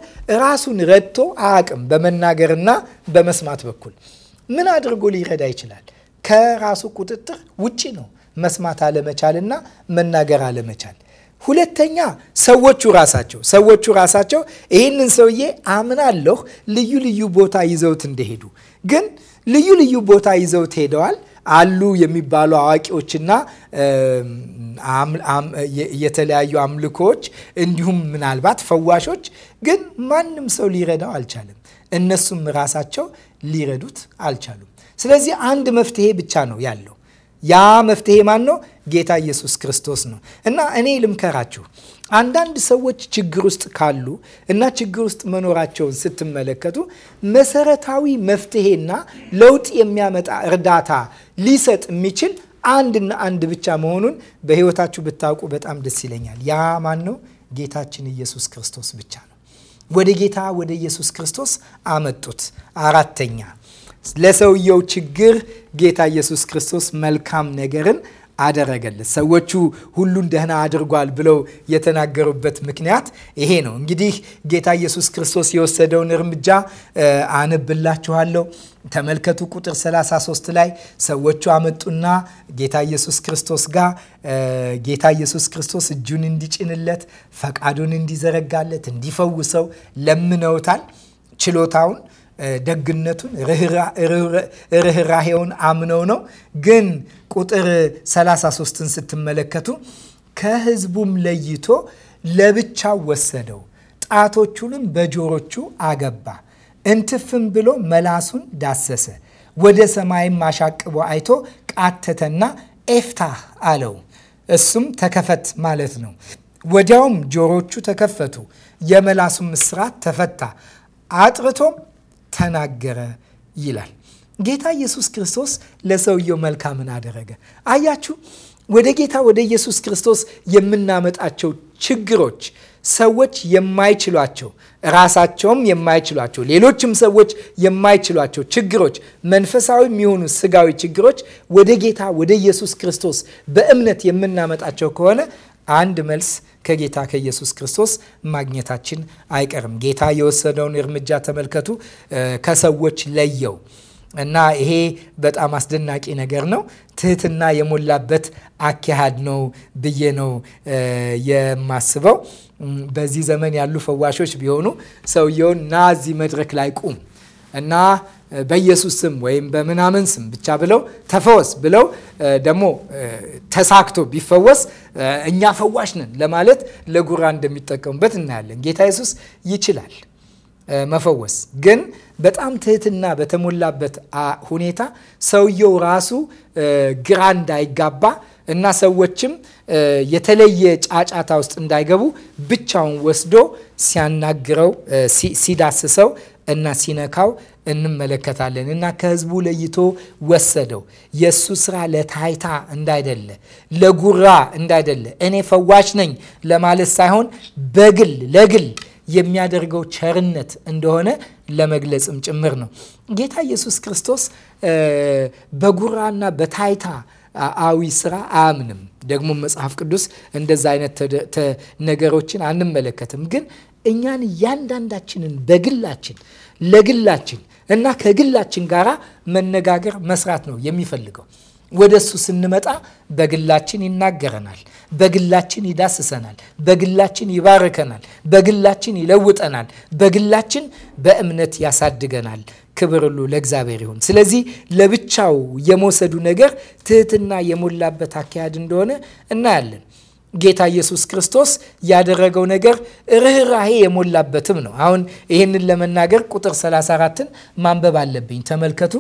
ራሱን ረድቶ አያቅም። በመናገርና በመስማት በኩል ምን አድርጎ ሊረዳ ይችላል? ከራሱ ቁጥጥር ውጪ ነው መስማት አለመቻልና መናገር አለመቻል። ሁለተኛ ሰዎቹ ራሳቸው ሰዎቹ ራሳቸው ይህንን ሰውዬ አምናለሁ ልዩ ልዩ ቦታ ይዘውት እንደሄዱ ግን ልዩ ልዩ ቦታ ይዘውት ሄደዋል አሉ የሚባሉ አዋቂዎችና የተለያዩ አምልኮዎች እንዲሁም ምናልባት ፈዋሾች ግን ማንም ሰው ሊረዳው አልቻለም። እነሱም ራሳቸው ሊረዱት አልቻሉም። ስለዚህ አንድ መፍትሄ ብቻ ነው ያለው። ያ መፍትሄ ማን ነው? ጌታ ኢየሱስ ክርስቶስ ነው። እና እኔ ልምከራችሁ፣ አንዳንድ ሰዎች ችግር ውስጥ ካሉ እና ችግር ውስጥ መኖራቸውን ስትመለከቱ መሰረታዊ መፍትሄና ለውጥ የሚያመጣ እርዳታ ሊሰጥ የሚችል አንድና አንድ ብቻ መሆኑን በሕይወታችሁ ብታውቁ በጣም ደስ ይለኛል። ያ ማን ነው? ጌታችን ኢየሱስ ክርስቶስ ብቻ ነው። ወደ ጌታ ወደ ኢየሱስ ክርስቶስ አመጡት። አራተኛ ለሰውየው ችግር ጌታ ኢየሱስ ክርስቶስ መልካም ነገርን አደረገለት። ሰዎቹ ሁሉን ደህና አድርጓል ብለው የተናገሩበት ምክንያት ይሄ ነው። እንግዲህ ጌታ ኢየሱስ ክርስቶስ የወሰደውን እርምጃ አነብላችኋለሁ። ተመልከቱ ቁጥር 33 ላይ ሰዎቹ አመጡና ጌታ ኢየሱስ ክርስቶስ ጋር ጌታ ኢየሱስ ክርስቶስ እጁን እንዲጭንለት ፈቃዱን እንዲዘረጋለት እንዲፈውሰው ለምነውታል። ችሎታውን ደግነቱን ርኅራሄውን አምነው ነው። ግን ቁጥር 33ን ስትመለከቱ ከህዝቡም ለይቶ ለብቻው ወሰደው፣ ጣቶቹንም በጆሮቹ አገባ፣ እንትፍም ብሎ መላሱን ዳሰሰ። ወደ ሰማይም አሻቅቦ አይቶ ቃተተና ኤፍታህ አለው። እሱም ተከፈት ማለት ነው። ወዲያውም ጆሮቹ ተከፈቱ፣ የመላሱም እስራት ተፈታ። አጥርቶም ተናገረ ይላል። ጌታ ኢየሱስ ክርስቶስ ለሰውየው መልካምን አደረገ። አያችሁ፣ ወደ ጌታ ወደ ኢየሱስ ክርስቶስ የምናመጣቸው ችግሮች ሰዎች የማይችሏቸው ራሳቸውም የማይችሏቸው ሌሎችም ሰዎች የማይችሏቸው ችግሮች፣ መንፈሳዊ የሚሆኑ ስጋዊ ችግሮች ወደ ጌታ ወደ ኢየሱስ ክርስቶስ በእምነት የምናመጣቸው ከሆነ አንድ መልስ ከጌታ ከኢየሱስ ክርስቶስ ማግኘታችን አይቀርም። ጌታ የወሰደውን እርምጃ ተመልከቱ። ከሰዎች ለየው እና ይሄ በጣም አስደናቂ ነገር ነው። ትህትና የሞላበት አካሄድ ነው ብዬ ነው የማስበው። በዚህ ዘመን ያሉ ፈዋሾች ቢሆኑ ሰውየውን ና እዚህ መድረክ ላይ ቁም እና በኢየሱስ ስም ወይም በምናምን ስም ብቻ ብለው ተፈወስ ብለው ደግሞ ተሳክቶ ቢፈወስ እኛ ፈዋሽ ነን ለማለት ለጉራ እንደሚጠቀሙበት እናያለን። ጌታ ኢየሱስ ይችላል መፈወስ ግን በጣም ትህትና በተሞላበት ሁኔታ ሰውየው ራሱ ግራ እንዳይጋባ እና ሰዎችም የተለየ ጫጫታ ውስጥ እንዳይገቡ ብቻውን ወስዶ ሲያናግረው ሲዳስሰው እና ሲነካው እንመለከታለን እና ከህዝቡ ለይቶ ወሰደው። የእሱ ስራ ለታይታ እንዳይደለ፣ ለጉራ እንዳይደለ፣ እኔ ፈዋሽ ነኝ ለማለት ሳይሆን በግል ለግል የሚያደርገው ቸርነት እንደሆነ ለመግለጽም ጭምር ነው። ጌታ ኢየሱስ ክርስቶስ በጉራና በታይታ አዊ ስራ አያምንም። ደግሞ መጽሐፍ ቅዱስ እንደዛ አይነት ነገሮችን አንመለከትም። ግን እኛን እያንዳንዳችንን በግላችን ለግላችን እና ከግላችን ጋራ መነጋገር መስራት ነው የሚፈልገው። ወደ እሱ ስንመጣ በግላችን ይናገረናል፣ በግላችን ይዳስሰናል፣ በግላችን ይባርከናል፣ በግላችን ይለውጠናል፣ በግላችን በእምነት ያሳድገናል። ክብር ሁሉ ለእግዚአብሔር ይሁን። ስለዚህ ለብቻው የመውሰዱ ነገር ትህትና የሞላበት አካሄድ እንደሆነ እናያለን። ጌታ ኢየሱስ ክርስቶስ ያደረገው ነገር ርኅራሄ የሞላበትም ነው። አሁን ይህንን ለመናገር ቁጥር 34ን ማንበብ አለብኝ። ተመልከቱ።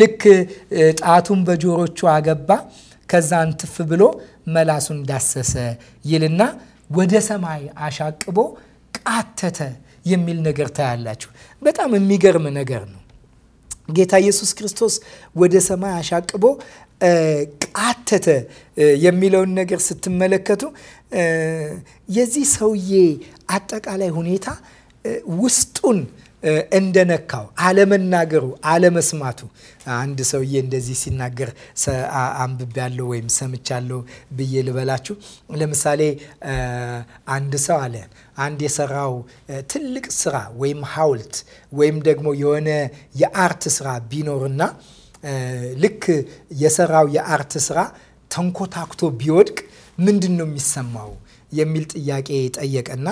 ልክ ጣቱን በጆሮቹ አገባ፣ ከዛ እንትፍ ብሎ መላሱን ዳሰሰ ይልና ወደ ሰማይ አሻቅቦ ቃተተ የሚል ነገር ታያላችሁ። በጣም የሚገርም ነገር ነው። ጌታ ኢየሱስ ክርስቶስ ወደ ሰማይ አሻቅቦ ቃተተ የሚለውን ነገር ስትመለከቱ የዚህ ሰውዬ አጠቃላይ ሁኔታ ውስጡን እንደነካው አለመናገሩ፣ አለመስማቱ። አንድ ሰውዬ እንደዚህ ሲናገር አንብቤያለሁ ወይም ሰምቻለሁ ብዬ ልበላችሁ። ለምሳሌ አንድ ሰው አለ አንድ የሰራው ትልቅ ስራ ወይም ሐውልት ወይም ደግሞ የሆነ የአርት ስራ ቢኖርና ልክ የሰራው የአርት ስራ ተንኮታኩቶ ቢወድቅ ምንድን ነው የሚሰማው የሚል ጥያቄ ጠየቀና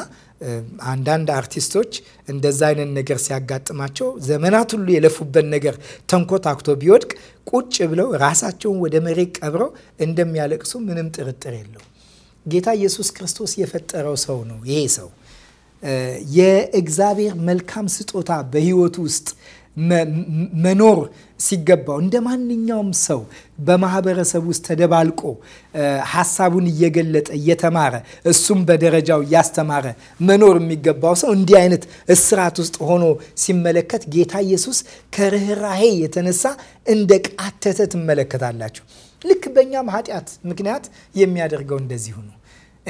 አንዳንድ አርቲስቶች እንደዛ አይነት ነገር ሲያጋጥማቸው ዘመናት ሁሉ የለፉበት ነገር ተንኮታኩቶ ቢወድቅ ቁጭ ብለው ራሳቸውን ወደ መሬት ቀብረው እንደሚያለቅሱ ምንም ጥርጥር የለው። ጌታ ኢየሱስ ክርስቶስ የፈጠረው ሰው ነው። ይሄ ሰው የእግዚአብሔር መልካም ስጦታ በህይወቱ ውስጥ መኖር ሲገባው እንደ ማንኛውም ሰው በማህበረሰብ ውስጥ ተደባልቆ ሀሳቡን እየገለጠ እየተማረ እሱም በደረጃው እያስተማረ መኖር የሚገባው ሰው እንዲህ አይነት እስራት ውስጥ ሆኖ ሲመለከት ጌታ ኢየሱስ ከርኅራሄ የተነሳ እንደ ቃተተ ትመለከታላችሁ። ልክ በእኛም ኃጢአት ምክንያት የሚያደርገው እንደዚሁ ነው።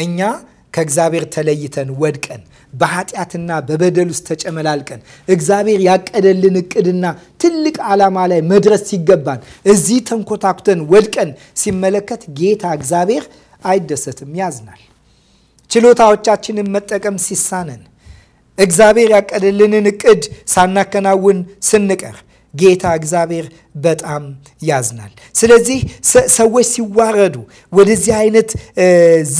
እኛ ከእግዚአብሔር ተለይተን ወድቀን በኃጢአትና በበደል ውስጥ ተጨመላልቀን እግዚአብሔር ያቀደልን እቅድና ትልቅ ዓላማ ላይ መድረስ ሲገባን እዚህ ተንኮታኩተን ወድቀን ሲመለከት ጌታ እግዚአብሔር አይደሰትም፣ ያዝናል። ችሎታዎቻችንን መጠቀም ሲሳነን እግዚአብሔር ያቀደልንን እቅድ ሳናከናውን ስንቀር ጌታ እግዚአብሔር በጣም ያዝናል። ስለዚህ ሰዎች ሲዋረዱ ወደዚህ አይነት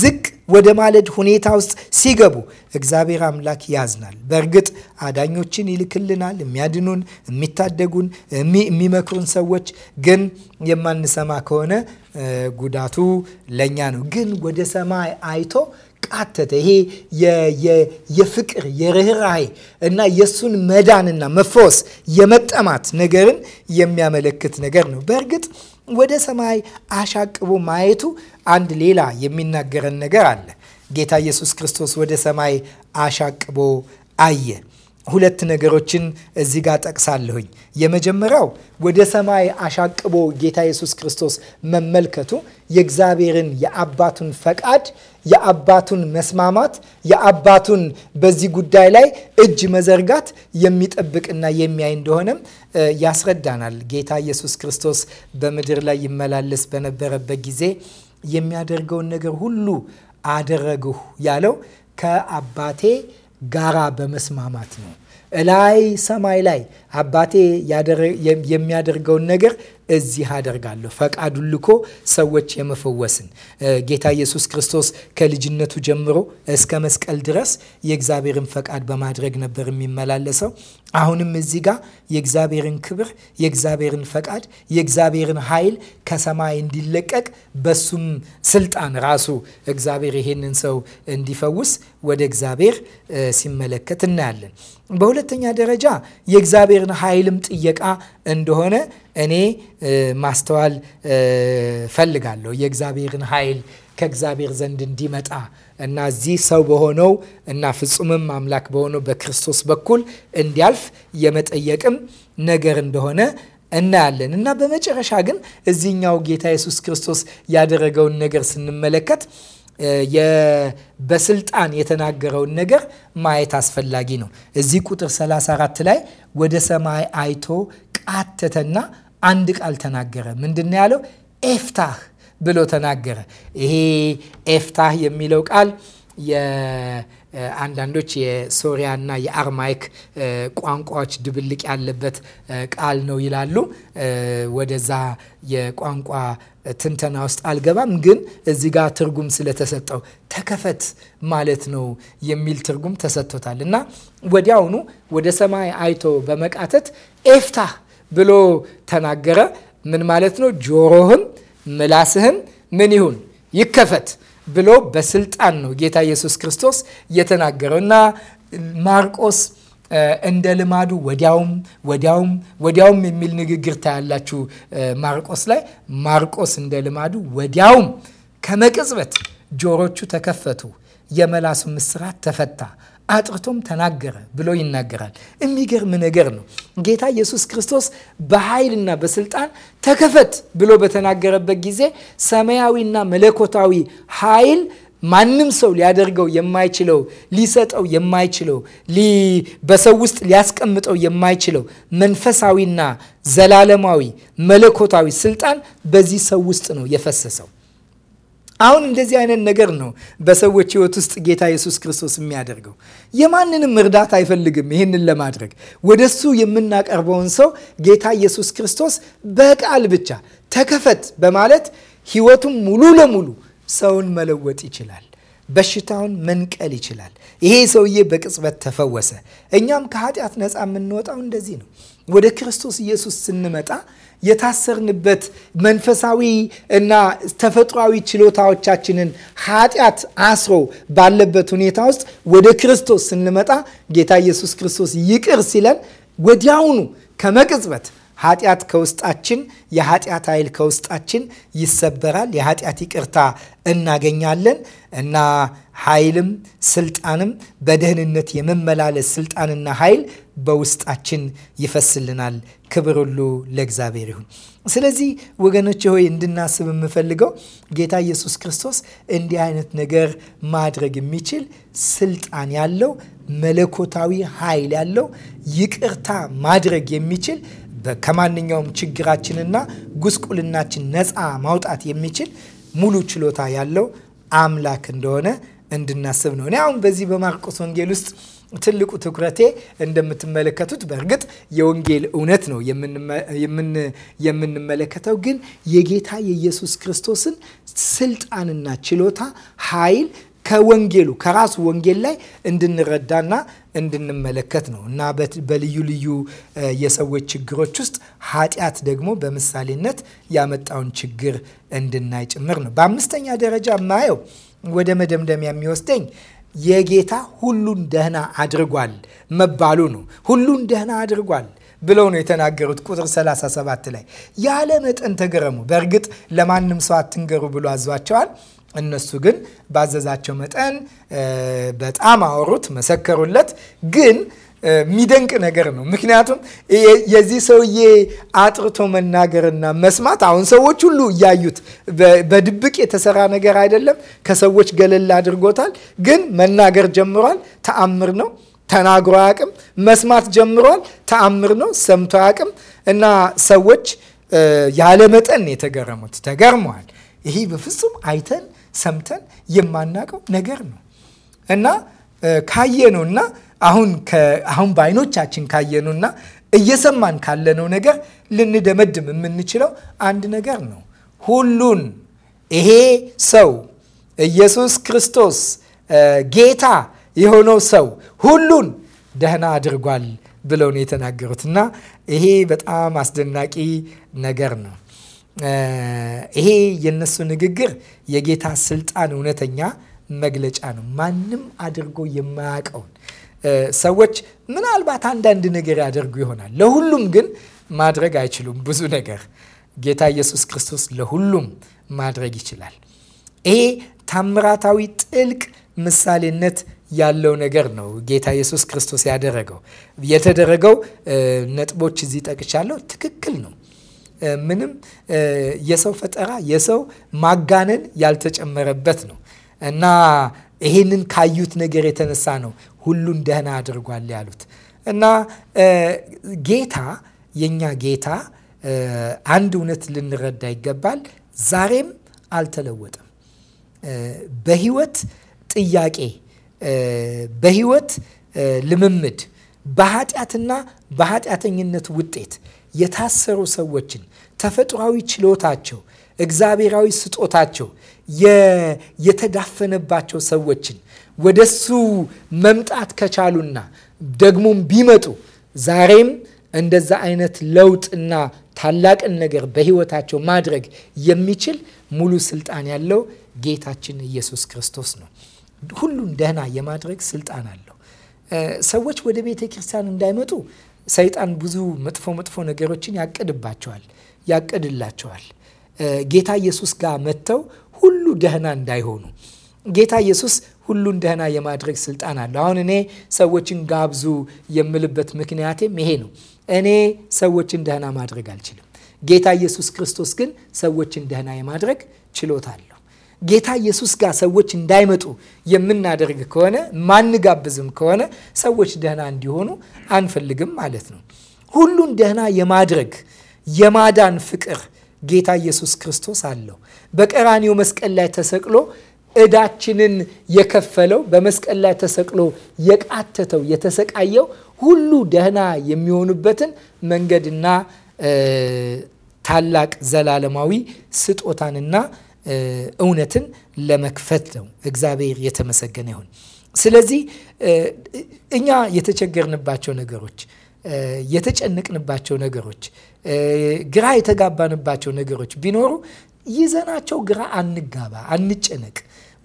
ዝቅ ወደ ማለድ ሁኔታ ውስጥ ሲገቡ እግዚአብሔር አምላክ ያዝናል። በእርግጥ አዳኞችን ይልክልናል፣ የሚያድኑን፣ የሚታደጉን፣ የሚመክሩን ሰዎች ግን የማንሰማ ከሆነ ጉዳቱ ለእኛ ነው። ግን ወደ ሰማይ አይቶ ቃተተ። ይሄ የፍቅር የርኅራይ እና የእሱን መዳንና መፈወስ የመጠማት ነገርን የሚያመለክት ነገር ነው። በእርግጥ ወደ ሰማይ አሻቅቦ ማየቱ አንድ ሌላ የሚናገረን ነገር አለ። ጌታ ኢየሱስ ክርስቶስ ወደ ሰማይ አሻቅቦ አየ። ሁለት ነገሮችን እዚህ ጋር ጠቅሳለሁኝ። የመጀመሪያው ወደ ሰማይ አሻቅቦ ጌታ ኢየሱስ ክርስቶስ መመልከቱ የእግዚአብሔርን የአባቱን ፈቃድ የአባቱን መስማማት የአባቱን በዚህ ጉዳይ ላይ እጅ መዘርጋት የሚጠብቅና የሚያይ እንደሆነም ያስረዳናል። ጌታ ኢየሱስ ክርስቶስ በምድር ላይ ይመላለስ በነበረበት ጊዜ የሚያደርገውን ነገር ሁሉ አደረግሁ ያለው ከአባቴ ጋራ በመስማማት ነው። እላይ ሰማይ ላይ አባቴ የሚያደርገውን ነገር እዚህ አደርጋለሁ። ፈቃዱን ልኮ ሰዎች የመፈወስን ጌታ ኢየሱስ ክርስቶስ ከልጅነቱ ጀምሮ እስከ መስቀል ድረስ የእግዚአብሔርን ፈቃድ በማድረግ ነበር የሚመላለሰው። አሁንም እዚህ ጋር የእግዚአብሔርን ክብር፣ የእግዚአብሔርን ፈቃድ፣ የእግዚአብሔርን ኃይል ከሰማይ እንዲለቀቅ በሱም ስልጣን ራሱ እግዚአብሔር ይሄንን ሰው እንዲፈውስ ወደ እግዚአብሔር ሲመለከት እናያለን። በሁለተኛ ደረጃ የእግዚአብሔርን ኃይልም ጥየቃ እንደሆነ እኔ ማስተዋል ፈልጋለሁ። የእግዚአብሔርን ኃይል ከእግዚአብሔር ዘንድ እንዲመጣ እና እዚህ ሰው በሆነው እና ፍጹምም አምላክ በሆነው በክርስቶስ በኩል እንዲያልፍ የመጠየቅም ነገር እንደሆነ እናያለን እና በመጨረሻ ግን እዚህኛው ጌታ ኢየሱስ ክርስቶስ ያደረገውን ነገር ስንመለከት በስልጣን የተናገረውን ነገር ማየት አስፈላጊ ነው። እዚህ ቁጥር 34 ላይ ወደ ሰማይ አይቶ ቃተተና አንድ ቃል ተናገረ። ምንድን ያለው ኤፍታህ ብሎ ተናገረ። ይሄ ኤፍታህ የሚለው ቃል አንዳንዶች የሶሪያና የአርማይክ ቋንቋዎች ድብልቅ ያለበት ቃል ነው ይላሉ። ወደዛ የቋንቋ ትንተና ውስጥ አልገባም፣ ግን እዚ ጋር ትርጉም ስለተሰጠው ተከፈት ማለት ነው የሚል ትርጉም ተሰጥቶታል። እና ወዲያውኑ ወደ ሰማይ አይቶ በመቃተት ኤፍታህ ብሎ ተናገረ። ምን ማለት ነው? ጆሮህም ምላስህም ምን ይሁን ይከፈት ብሎ በስልጣን ነው ጌታ ኢየሱስ ክርስቶስ የተናገረው እና ማርቆስ እንደ ልማዱ ወዲያውም ወዲያውም ወዲያውም የሚል ንግግር ታያላችሁ ማርቆስ ላይ። ማርቆስ እንደ ልማዱ ወዲያውም ከመቅጽበት ጆሮቹ ተከፈቱ፣ የመላሱ ምስራት ተፈታ አጥርቶም ተናገረ ብሎ ይናገራል። የሚገርም ነገር ነው። ጌታ ኢየሱስ ክርስቶስ በኃይልና በስልጣን ተከፈት ብሎ በተናገረበት ጊዜ ሰማያዊና መለኮታዊ ኃይል ማንም ሰው ሊያደርገው የማይችለው ሊሰጠው የማይችለው በሰው ውስጥ ሊያስቀምጠው የማይችለው መንፈሳዊና ዘላለማዊ መለኮታዊ ስልጣን በዚህ ሰው ውስጥ ነው የፈሰሰው። አሁን እንደዚህ አይነት ነገር ነው በሰዎች ህይወት ውስጥ ጌታ ኢየሱስ ክርስቶስ የሚያደርገው። የማንንም እርዳታ አይፈልግም። ይህንን ለማድረግ ወደሱ የምናቀርበውን ሰው ጌታ ኢየሱስ ክርስቶስ በቃል ብቻ ተከፈት በማለት ህይወቱም ሙሉ ለሙሉ ሰውን መለወጥ ይችላል። በሽታውን መንቀል ይችላል። ይሄ ሰውዬ በቅጽበት ተፈወሰ። እኛም ከኃጢአት ነፃ የምንወጣው እንደዚህ ነው። ወደ ክርስቶስ ኢየሱስ ስንመጣ የታሰርንበት መንፈሳዊ እና ተፈጥሯዊ ችሎታዎቻችንን ኃጢአት አስሮ ባለበት ሁኔታ ውስጥ ወደ ክርስቶስ ስንመጣ ጌታ ኢየሱስ ክርስቶስ ይቅር ሲለን ወዲያውኑ ከመቅጽበት ኃጢአት ከውስጣችን የኃጢአት ኃይል ከውስጣችን ይሰበራል። የኃጢአት ይቅርታ እናገኛለን እና ኃይልም ስልጣንም በደህንነት የመመላለስ ስልጣንና ኃይል በውስጣችን ይፈስልናል። ክብር ሁሉ ለእግዚአብሔር ይሁን። ስለዚህ ወገኖች ሆይ እንድናስብ የምፈልገው ጌታ ኢየሱስ ክርስቶስ እንዲህ አይነት ነገር ማድረግ የሚችል ስልጣን ያለው መለኮታዊ ኃይል ያለው ይቅርታ ማድረግ የሚችል ከማንኛውም ችግራችንና ጉስቁልናችን ነፃ ማውጣት የሚችል ሙሉ ችሎታ ያለው አምላክ እንደሆነ እንድናስብ ነው። እኔ አሁን በዚህ በማርቆስ ወንጌል ውስጥ ትልቁ ትኩረቴ እንደምትመለከቱት በእርግጥ የወንጌል እውነት ነው የምንመለከተው፣ ግን የጌታ የኢየሱስ ክርስቶስን ስልጣንና ችሎታ ኃይል ከወንጌሉ ከራሱ ወንጌል ላይ እንድንረዳና እንድንመለከት ነው እና በልዩ ልዩ የሰዎች ችግሮች ውስጥ ኃጢአት ደግሞ በምሳሌነት ያመጣውን ችግር እንድናይ ጭምር ነው። በአምስተኛ ደረጃ የማየው ወደ መደምደሚያ የሚወስደኝ የጌታ ሁሉን ደህና አድርጓል መባሉ ነው። ሁሉን ደህና አድርጓል ብለው ነው የተናገሩት። ቁጥር 37 ላይ ያለ መጠን ተገረሙ። በእርግጥ ለማንም ሰው አትንገሩ ብሎ አዟቸዋል። እነሱ ግን ባዘዛቸው መጠን በጣም አወሩት፣ መሰከሩለት። ግን የሚደንቅ ነገር ነው። ምክንያቱም የዚህ ሰውዬ አጥርቶ መናገርና መስማት አሁን ሰዎች ሁሉ እያዩት በድብቅ የተሰራ ነገር አይደለም። ከሰዎች ገለል አድርጎታል፣ ግን መናገር ጀምሯል። ተአምር ነው። ተናግሮ አቅም መስማት ጀምሯል። ተአምር ነው። ሰምቶ አቅም እና ሰዎች ያለ መጠን የተገረሙት ተገርመዋል። ይሄ በፍጹም አይተን ሰምተን የማናውቀው ነገር ነው እና ካየ ነው እና አሁን አሁን በአይኖቻችን ካየኑና እየሰማን ካለነው ነገር ልንደመድም የምንችለው አንድ ነገር ነው። ሁሉን ይሄ ሰው ኢየሱስ ክርስቶስ ጌታ የሆነው ሰው ሁሉን ደህና አድርጓል ብለው ነው የተናገሩት እና ይሄ በጣም አስደናቂ ነገር ነው። ይሄ የነሱ ንግግር የጌታ ስልጣን እውነተኛ መግለጫ ነው። ማንም አድርጎ የማያውቀውን ሰዎች ምናልባት አንዳንድ ነገር ያደርጉ ይሆናል። ለሁሉም ግን ማድረግ አይችሉም። ብዙ ነገር ጌታ ኢየሱስ ክርስቶስ ለሁሉም ማድረግ ይችላል። ይሄ ታምራታዊ ጥልቅ ምሳሌነት ያለው ነገር ነው። ጌታ ኢየሱስ ክርስቶስ ያደረገው የተደረገው ነጥቦች እዚህ ጠቅቻለሁ። ትክክል ነው። ምንም የሰው ፈጠራ የሰው ማጋነን ያልተጨመረበት ነው እና ይሄንን ካዩት ነገር የተነሳ ነው ሁሉን ደህና አድርጓል ያሉት እና ጌታ የእኛ ጌታ አንድ እውነት ልንረዳ ይገባል። ዛሬም አልተለወጠም። በህይወት ጥያቄ፣ በህይወት ልምምድ፣ በኃጢአትና በኃጢአተኝነት ውጤት የታሰሩ ሰዎችን ተፈጥሯዊ ችሎታቸው፣ እግዚአብሔራዊ ስጦታቸው የተዳፈነባቸው ሰዎችን ወደሱ መምጣት ከቻሉና ደግሞም ቢመጡ ዛሬም እንደዛ አይነት ለውጥና ታላቅን ነገር በህይወታቸው ማድረግ የሚችል ሙሉ ስልጣን ያለው ጌታችን ኢየሱስ ክርስቶስ ነው። ሁሉን ደህና የማድረግ ስልጣን አለው። ሰዎች ወደ ቤተ ክርስቲያን እንዳይመጡ ሰይጣን ብዙ መጥፎ መጥፎ ነገሮችን ያቅድባቸዋል ያቅድላቸዋል። ጌታ ኢየሱስ ጋር መጥተው ሁሉ ደህና እንዳይሆኑ ጌታ ኢየሱስ ሁሉን ደህና የማድረግ ስልጣን አለው። አሁን እኔ ሰዎችን ጋብዙ የምልበት ምክንያቴም ይሄ ነው። እኔ ሰዎችን ደህና ማድረግ አልችልም። ጌታ ኢየሱስ ክርስቶስ ግን ሰዎችን ደህና የማድረግ ችሎታ አለው። ጌታ ኢየሱስ ጋር ሰዎች እንዳይመጡ የምናደርግ ከሆነ ማንጋብዝም ከሆነ ሰዎች ደህና እንዲሆኑ አንፈልግም ማለት ነው። ሁሉን ደህና የማድረግ የማዳን ፍቅር ጌታ ኢየሱስ ክርስቶስ አለው። በቀራኒው መስቀል ላይ ተሰቅሎ እዳችንን የከፈለው በመስቀል ላይ ተሰቅሎ የቃተተው የተሰቃየው ሁሉ ደህና የሚሆኑበትን መንገድና ታላቅ ዘላለማዊ ስጦታንና እውነትን ለመክፈት ነው። እግዚአብሔር የተመሰገነ ይሁን። ስለዚህ እኛ የተቸገርንባቸው ነገሮች፣ የተጨነቅንባቸው ነገሮች፣ ግራ የተጋባንባቸው ነገሮች ቢኖሩ ይዘናቸው ግራ አንጋባ፣ አንጨነቅ።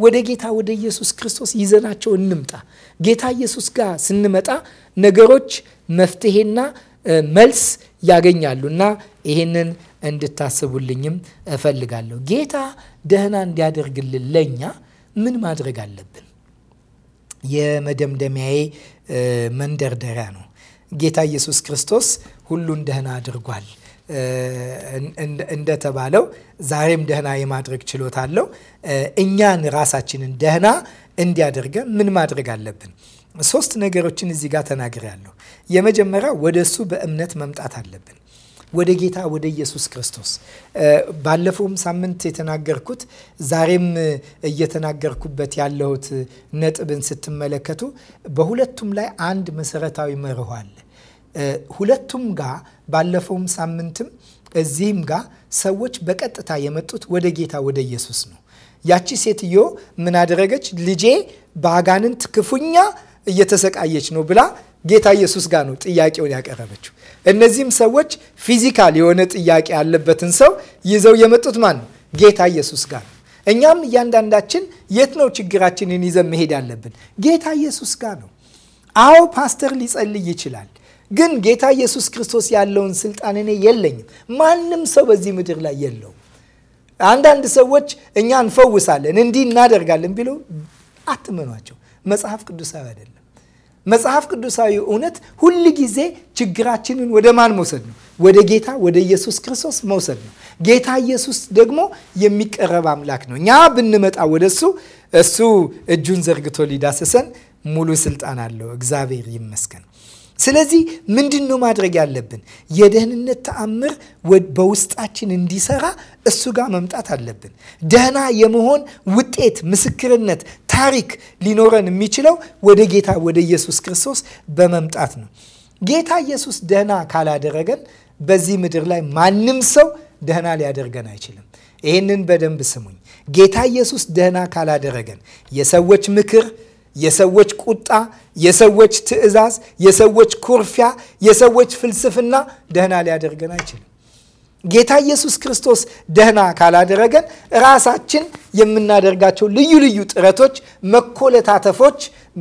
ወደ ጌታ ወደ ኢየሱስ ክርስቶስ ይዘናቸው እንምጣ። ጌታ ኢየሱስ ጋር ስንመጣ ነገሮች መፍትሄና መልስ ያገኛሉ እና ይሄንን እንድታስቡልኝም እፈልጋለሁ። ጌታ ደህና እንዲያደርግልን ለእኛ ምን ማድረግ አለብን? የመደምደሚያዬ መንደርደሪያ ነው። ጌታ ኢየሱስ ክርስቶስ ሁሉን ደህና አድርጓል እንደተባለው ዛሬም ደህና የማድረግ ችሎታ አለው። እኛን ራሳችንን ደህና እንዲያደርገን ምን ማድረግ አለብን? ሶስት ነገሮችን እዚህ ጋር ተናግሬያለሁ። የመጀመሪያ ወደ እሱ በእምነት መምጣት አለብን ወደ ጌታ ወደ ኢየሱስ ክርስቶስ። ባለፈውም ሳምንት የተናገርኩት ዛሬም እየተናገርኩበት ያለሁት ነጥብን ስትመለከቱ በሁለቱም ላይ አንድ መሰረታዊ መርህ አለ። ሁለቱም ጋር ባለፈውም ሳምንትም እዚህም ጋር ሰዎች በቀጥታ የመጡት ወደ ጌታ ወደ ኢየሱስ ነው። ያቺ ሴትዮ ምን አደረገች? ልጄ በአጋንንት ክፉኛ እየተሰቃየች ነው ብላ ጌታ ኢየሱስ ጋር ነው ጥያቄውን ያቀረበችው። እነዚህም ሰዎች ፊዚካል የሆነ ጥያቄ ያለበትን ሰው ይዘው የመጡት ማን ነው? ጌታ ኢየሱስ ጋር ነው። እኛም እያንዳንዳችን የት ነው ችግራችንን ይዘን መሄድ ያለብን? ጌታ ኢየሱስ ጋር ነው። አዎ ፓስተር ሊጸልይ ይችላል። ግን ጌታ ኢየሱስ ክርስቶስ ያለውን ስልጣን እኔ የለኝም። ማንም ሰው በዚህ ምድር ላይ የለውም። አንዳንድ ሰዎች እኛ እንፈውሳለን እንዲህ እናደርጋለን ቢለው አትመኗቸው። መጽሐፍ ቅዱሳዊ አይደለም። መጽሐፍ ቅዱሳዊ እውነት ሁል ጊዜ ችግራችንን ወደ ማን መውሰድ ነው? ወደ ጌታ ወደ ኢየሱስ ክርስቶስ መውሰድ ነው። ጌታ ኢየሱስ ደግሞ የሚቀረብ አምላክ ነው። እኛ ብንመጣ ወደ እሱ እሱ እጁን ዘርግቶ ሊዳሰሰን ሙሉ ስልጣን አለው። እግዚአብሔር ይመስገን። ስለዚህ ምንድን ነው ማድረግ ያለብን? የደህንነት ተአምር በውስጣችን እንዲሰራ እሱ ጋር መምጣት አለብን። ደህና የመሆን ውጤት፣ ምስክርነት፣ ታሪክ ሊኖረን የሚችለው ወደ ጌታ ወደ ኢየሱስ ክርስቶስ በመምጣት ነው። ጌታ ኢየሱስ ደህና ካላደረገን በዚህ ምድር ላይ ማንም ሰው ደህና ሊያደርገን አይችልም። ይህንን በደንብ ስሙኝ። ጌታ ኢየሱስ ደህና ካላደረገን የሰዎች ምክር የሰዎች ቁጣ፣ የሰዎች ትዕዛዝ፣ የሰዎች ኩርፊያ፣ የሰዎች ፍልስፍና ደህና ሊያደርገን አይችልም። ጌታ ኢየሱስ ክርስቶስ ደህና ካላደረገን ራሳችን የምናደርጋቸው ልዩ ልዩ ጥረቶች፣ መኮለታተፎች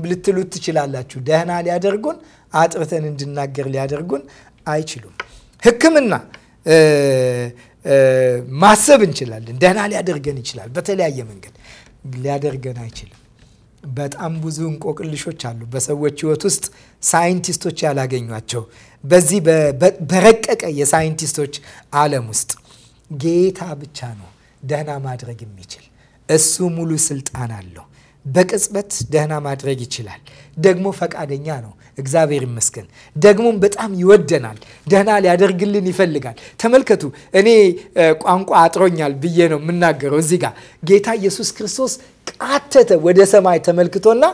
ልትሉት ትችላላችሁ። ደህና ሊያደርጉን አጥርተን እንድናገር ሊያደርጉን አይችሉም። ሕክምና ማሰብ እንችላለን። ደህና ሊያደርገን ይችላል። በተለያየ መንገድ ሊያደርገን አይችልም። በጣም ብዙ እንቆቅልሾች አሉ በሰዎች ህይወት ውስጥ ሳይንቲስቶች ያላገኟቸው። በዚህ በረቀቀ የሳይንቲስቶች ዓለም ውስጥ ጌታ ብቻ ነው ደህና ማድረግ የሚችል። እሱ ሙሉ ስልጣን አለው። በቅጽበት ደህና ማድረግ ይችላል። ደግሞ ፈቃደኛ ነው። እግዚአብሔር ይመስገን። ደግሞም በጣም ይወደናል። ደህና ሊያደርግልን ይፈልጋል። ተመልከቱ፣ እኔ ቋንቋ አጥሮኛል ብዬ ነው የምናገረው። እዚህ ጋር ጌታ ኢየሱስ ክርስቶስ አተተ ወደ ሰማይ ተመልክቶና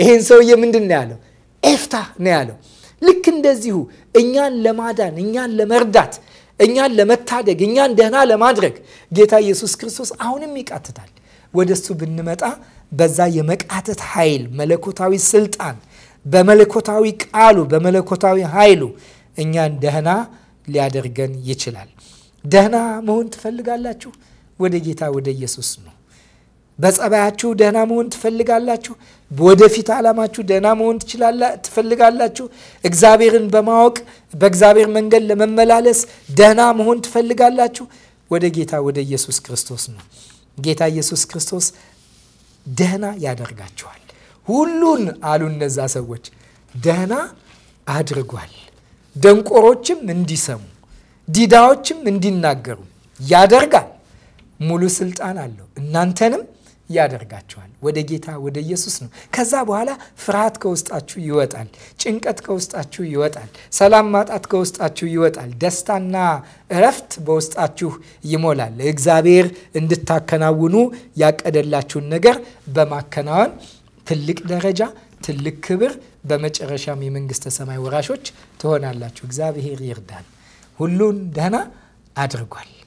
ይሄን ሰውዬ ምንድን ነው ያለው? ኤፍታ ነው ያለው። ልክ እንደዚሁ እኛን ለማዳን እኛን ለመርዳት እኛን ለመታደግ እኛን ደህና ለማድረግ ጌታ ኢየሱስ ክርስቶስ አሁንም ይቃትታል። ወደ እሱ ብንመጣ በዛ የመቃተት ኃይል መለኮታዊ ስልጣን በመለኮታዊ ቃሉ በመለኮታዊ ኃይሉ እኛን ደህና ሊያደርገን ይችላል። ደህና መሆን ትፈልጋላችሁ? ወደ ጌታ ወደ ኢየሱስ ነው። በጸባያችሁ ደህና መሆን ትፈልጋላችሁ። ወደፊት ዓላማችሁ ደህና መሆን ትፈልጋላችሁ። እግዚአብሔርን በማወቅ በእግዚአብሔር መንገድ ለመመላለስ ደህና መሆን ትፈልጋላችሁ። ወደ ጌታ ወደ ኢየሱስ ክርስቶስ ነው። ጌታ ኢየሱስ ክርስቶስ ደህና ያደርጋችኋል። ሁሉን አሉ እነዛ ሰዎች ደህና አድርጓል። ደንቆሮችም እንዲሰሙ፣ ዲዳዎችም እንዲናገሩ ያደርጋል። ሙሉ ስልጣን አለው። እናንተንም ያደርጋቸዋል። ወደ ጌታ ወደ ኢየሱስ ነው። ከዛ በኋላ ፍርሃት ከውስጣችሁ ይወጣል። ጭንቀት ከውስጣችሁ ይወጣል። ሰላም ማጣት ከውስጣችሁ ይወጣል። ደስታና እረፍት በውስጣችሁ ይሞላል። እግዚአብሔር እንድታከናውኑ ያቀደላችሁን ነገር በማከናወን ትልቅ ደረጃ፣ ትልቅ ክብር፣ በመጨረሻም የመንግስተ ሰማይ ወራሾች ትሆናላችሁ። እግዚአብሔር ይርዳል። ሁሉን ደህና አድርጓል።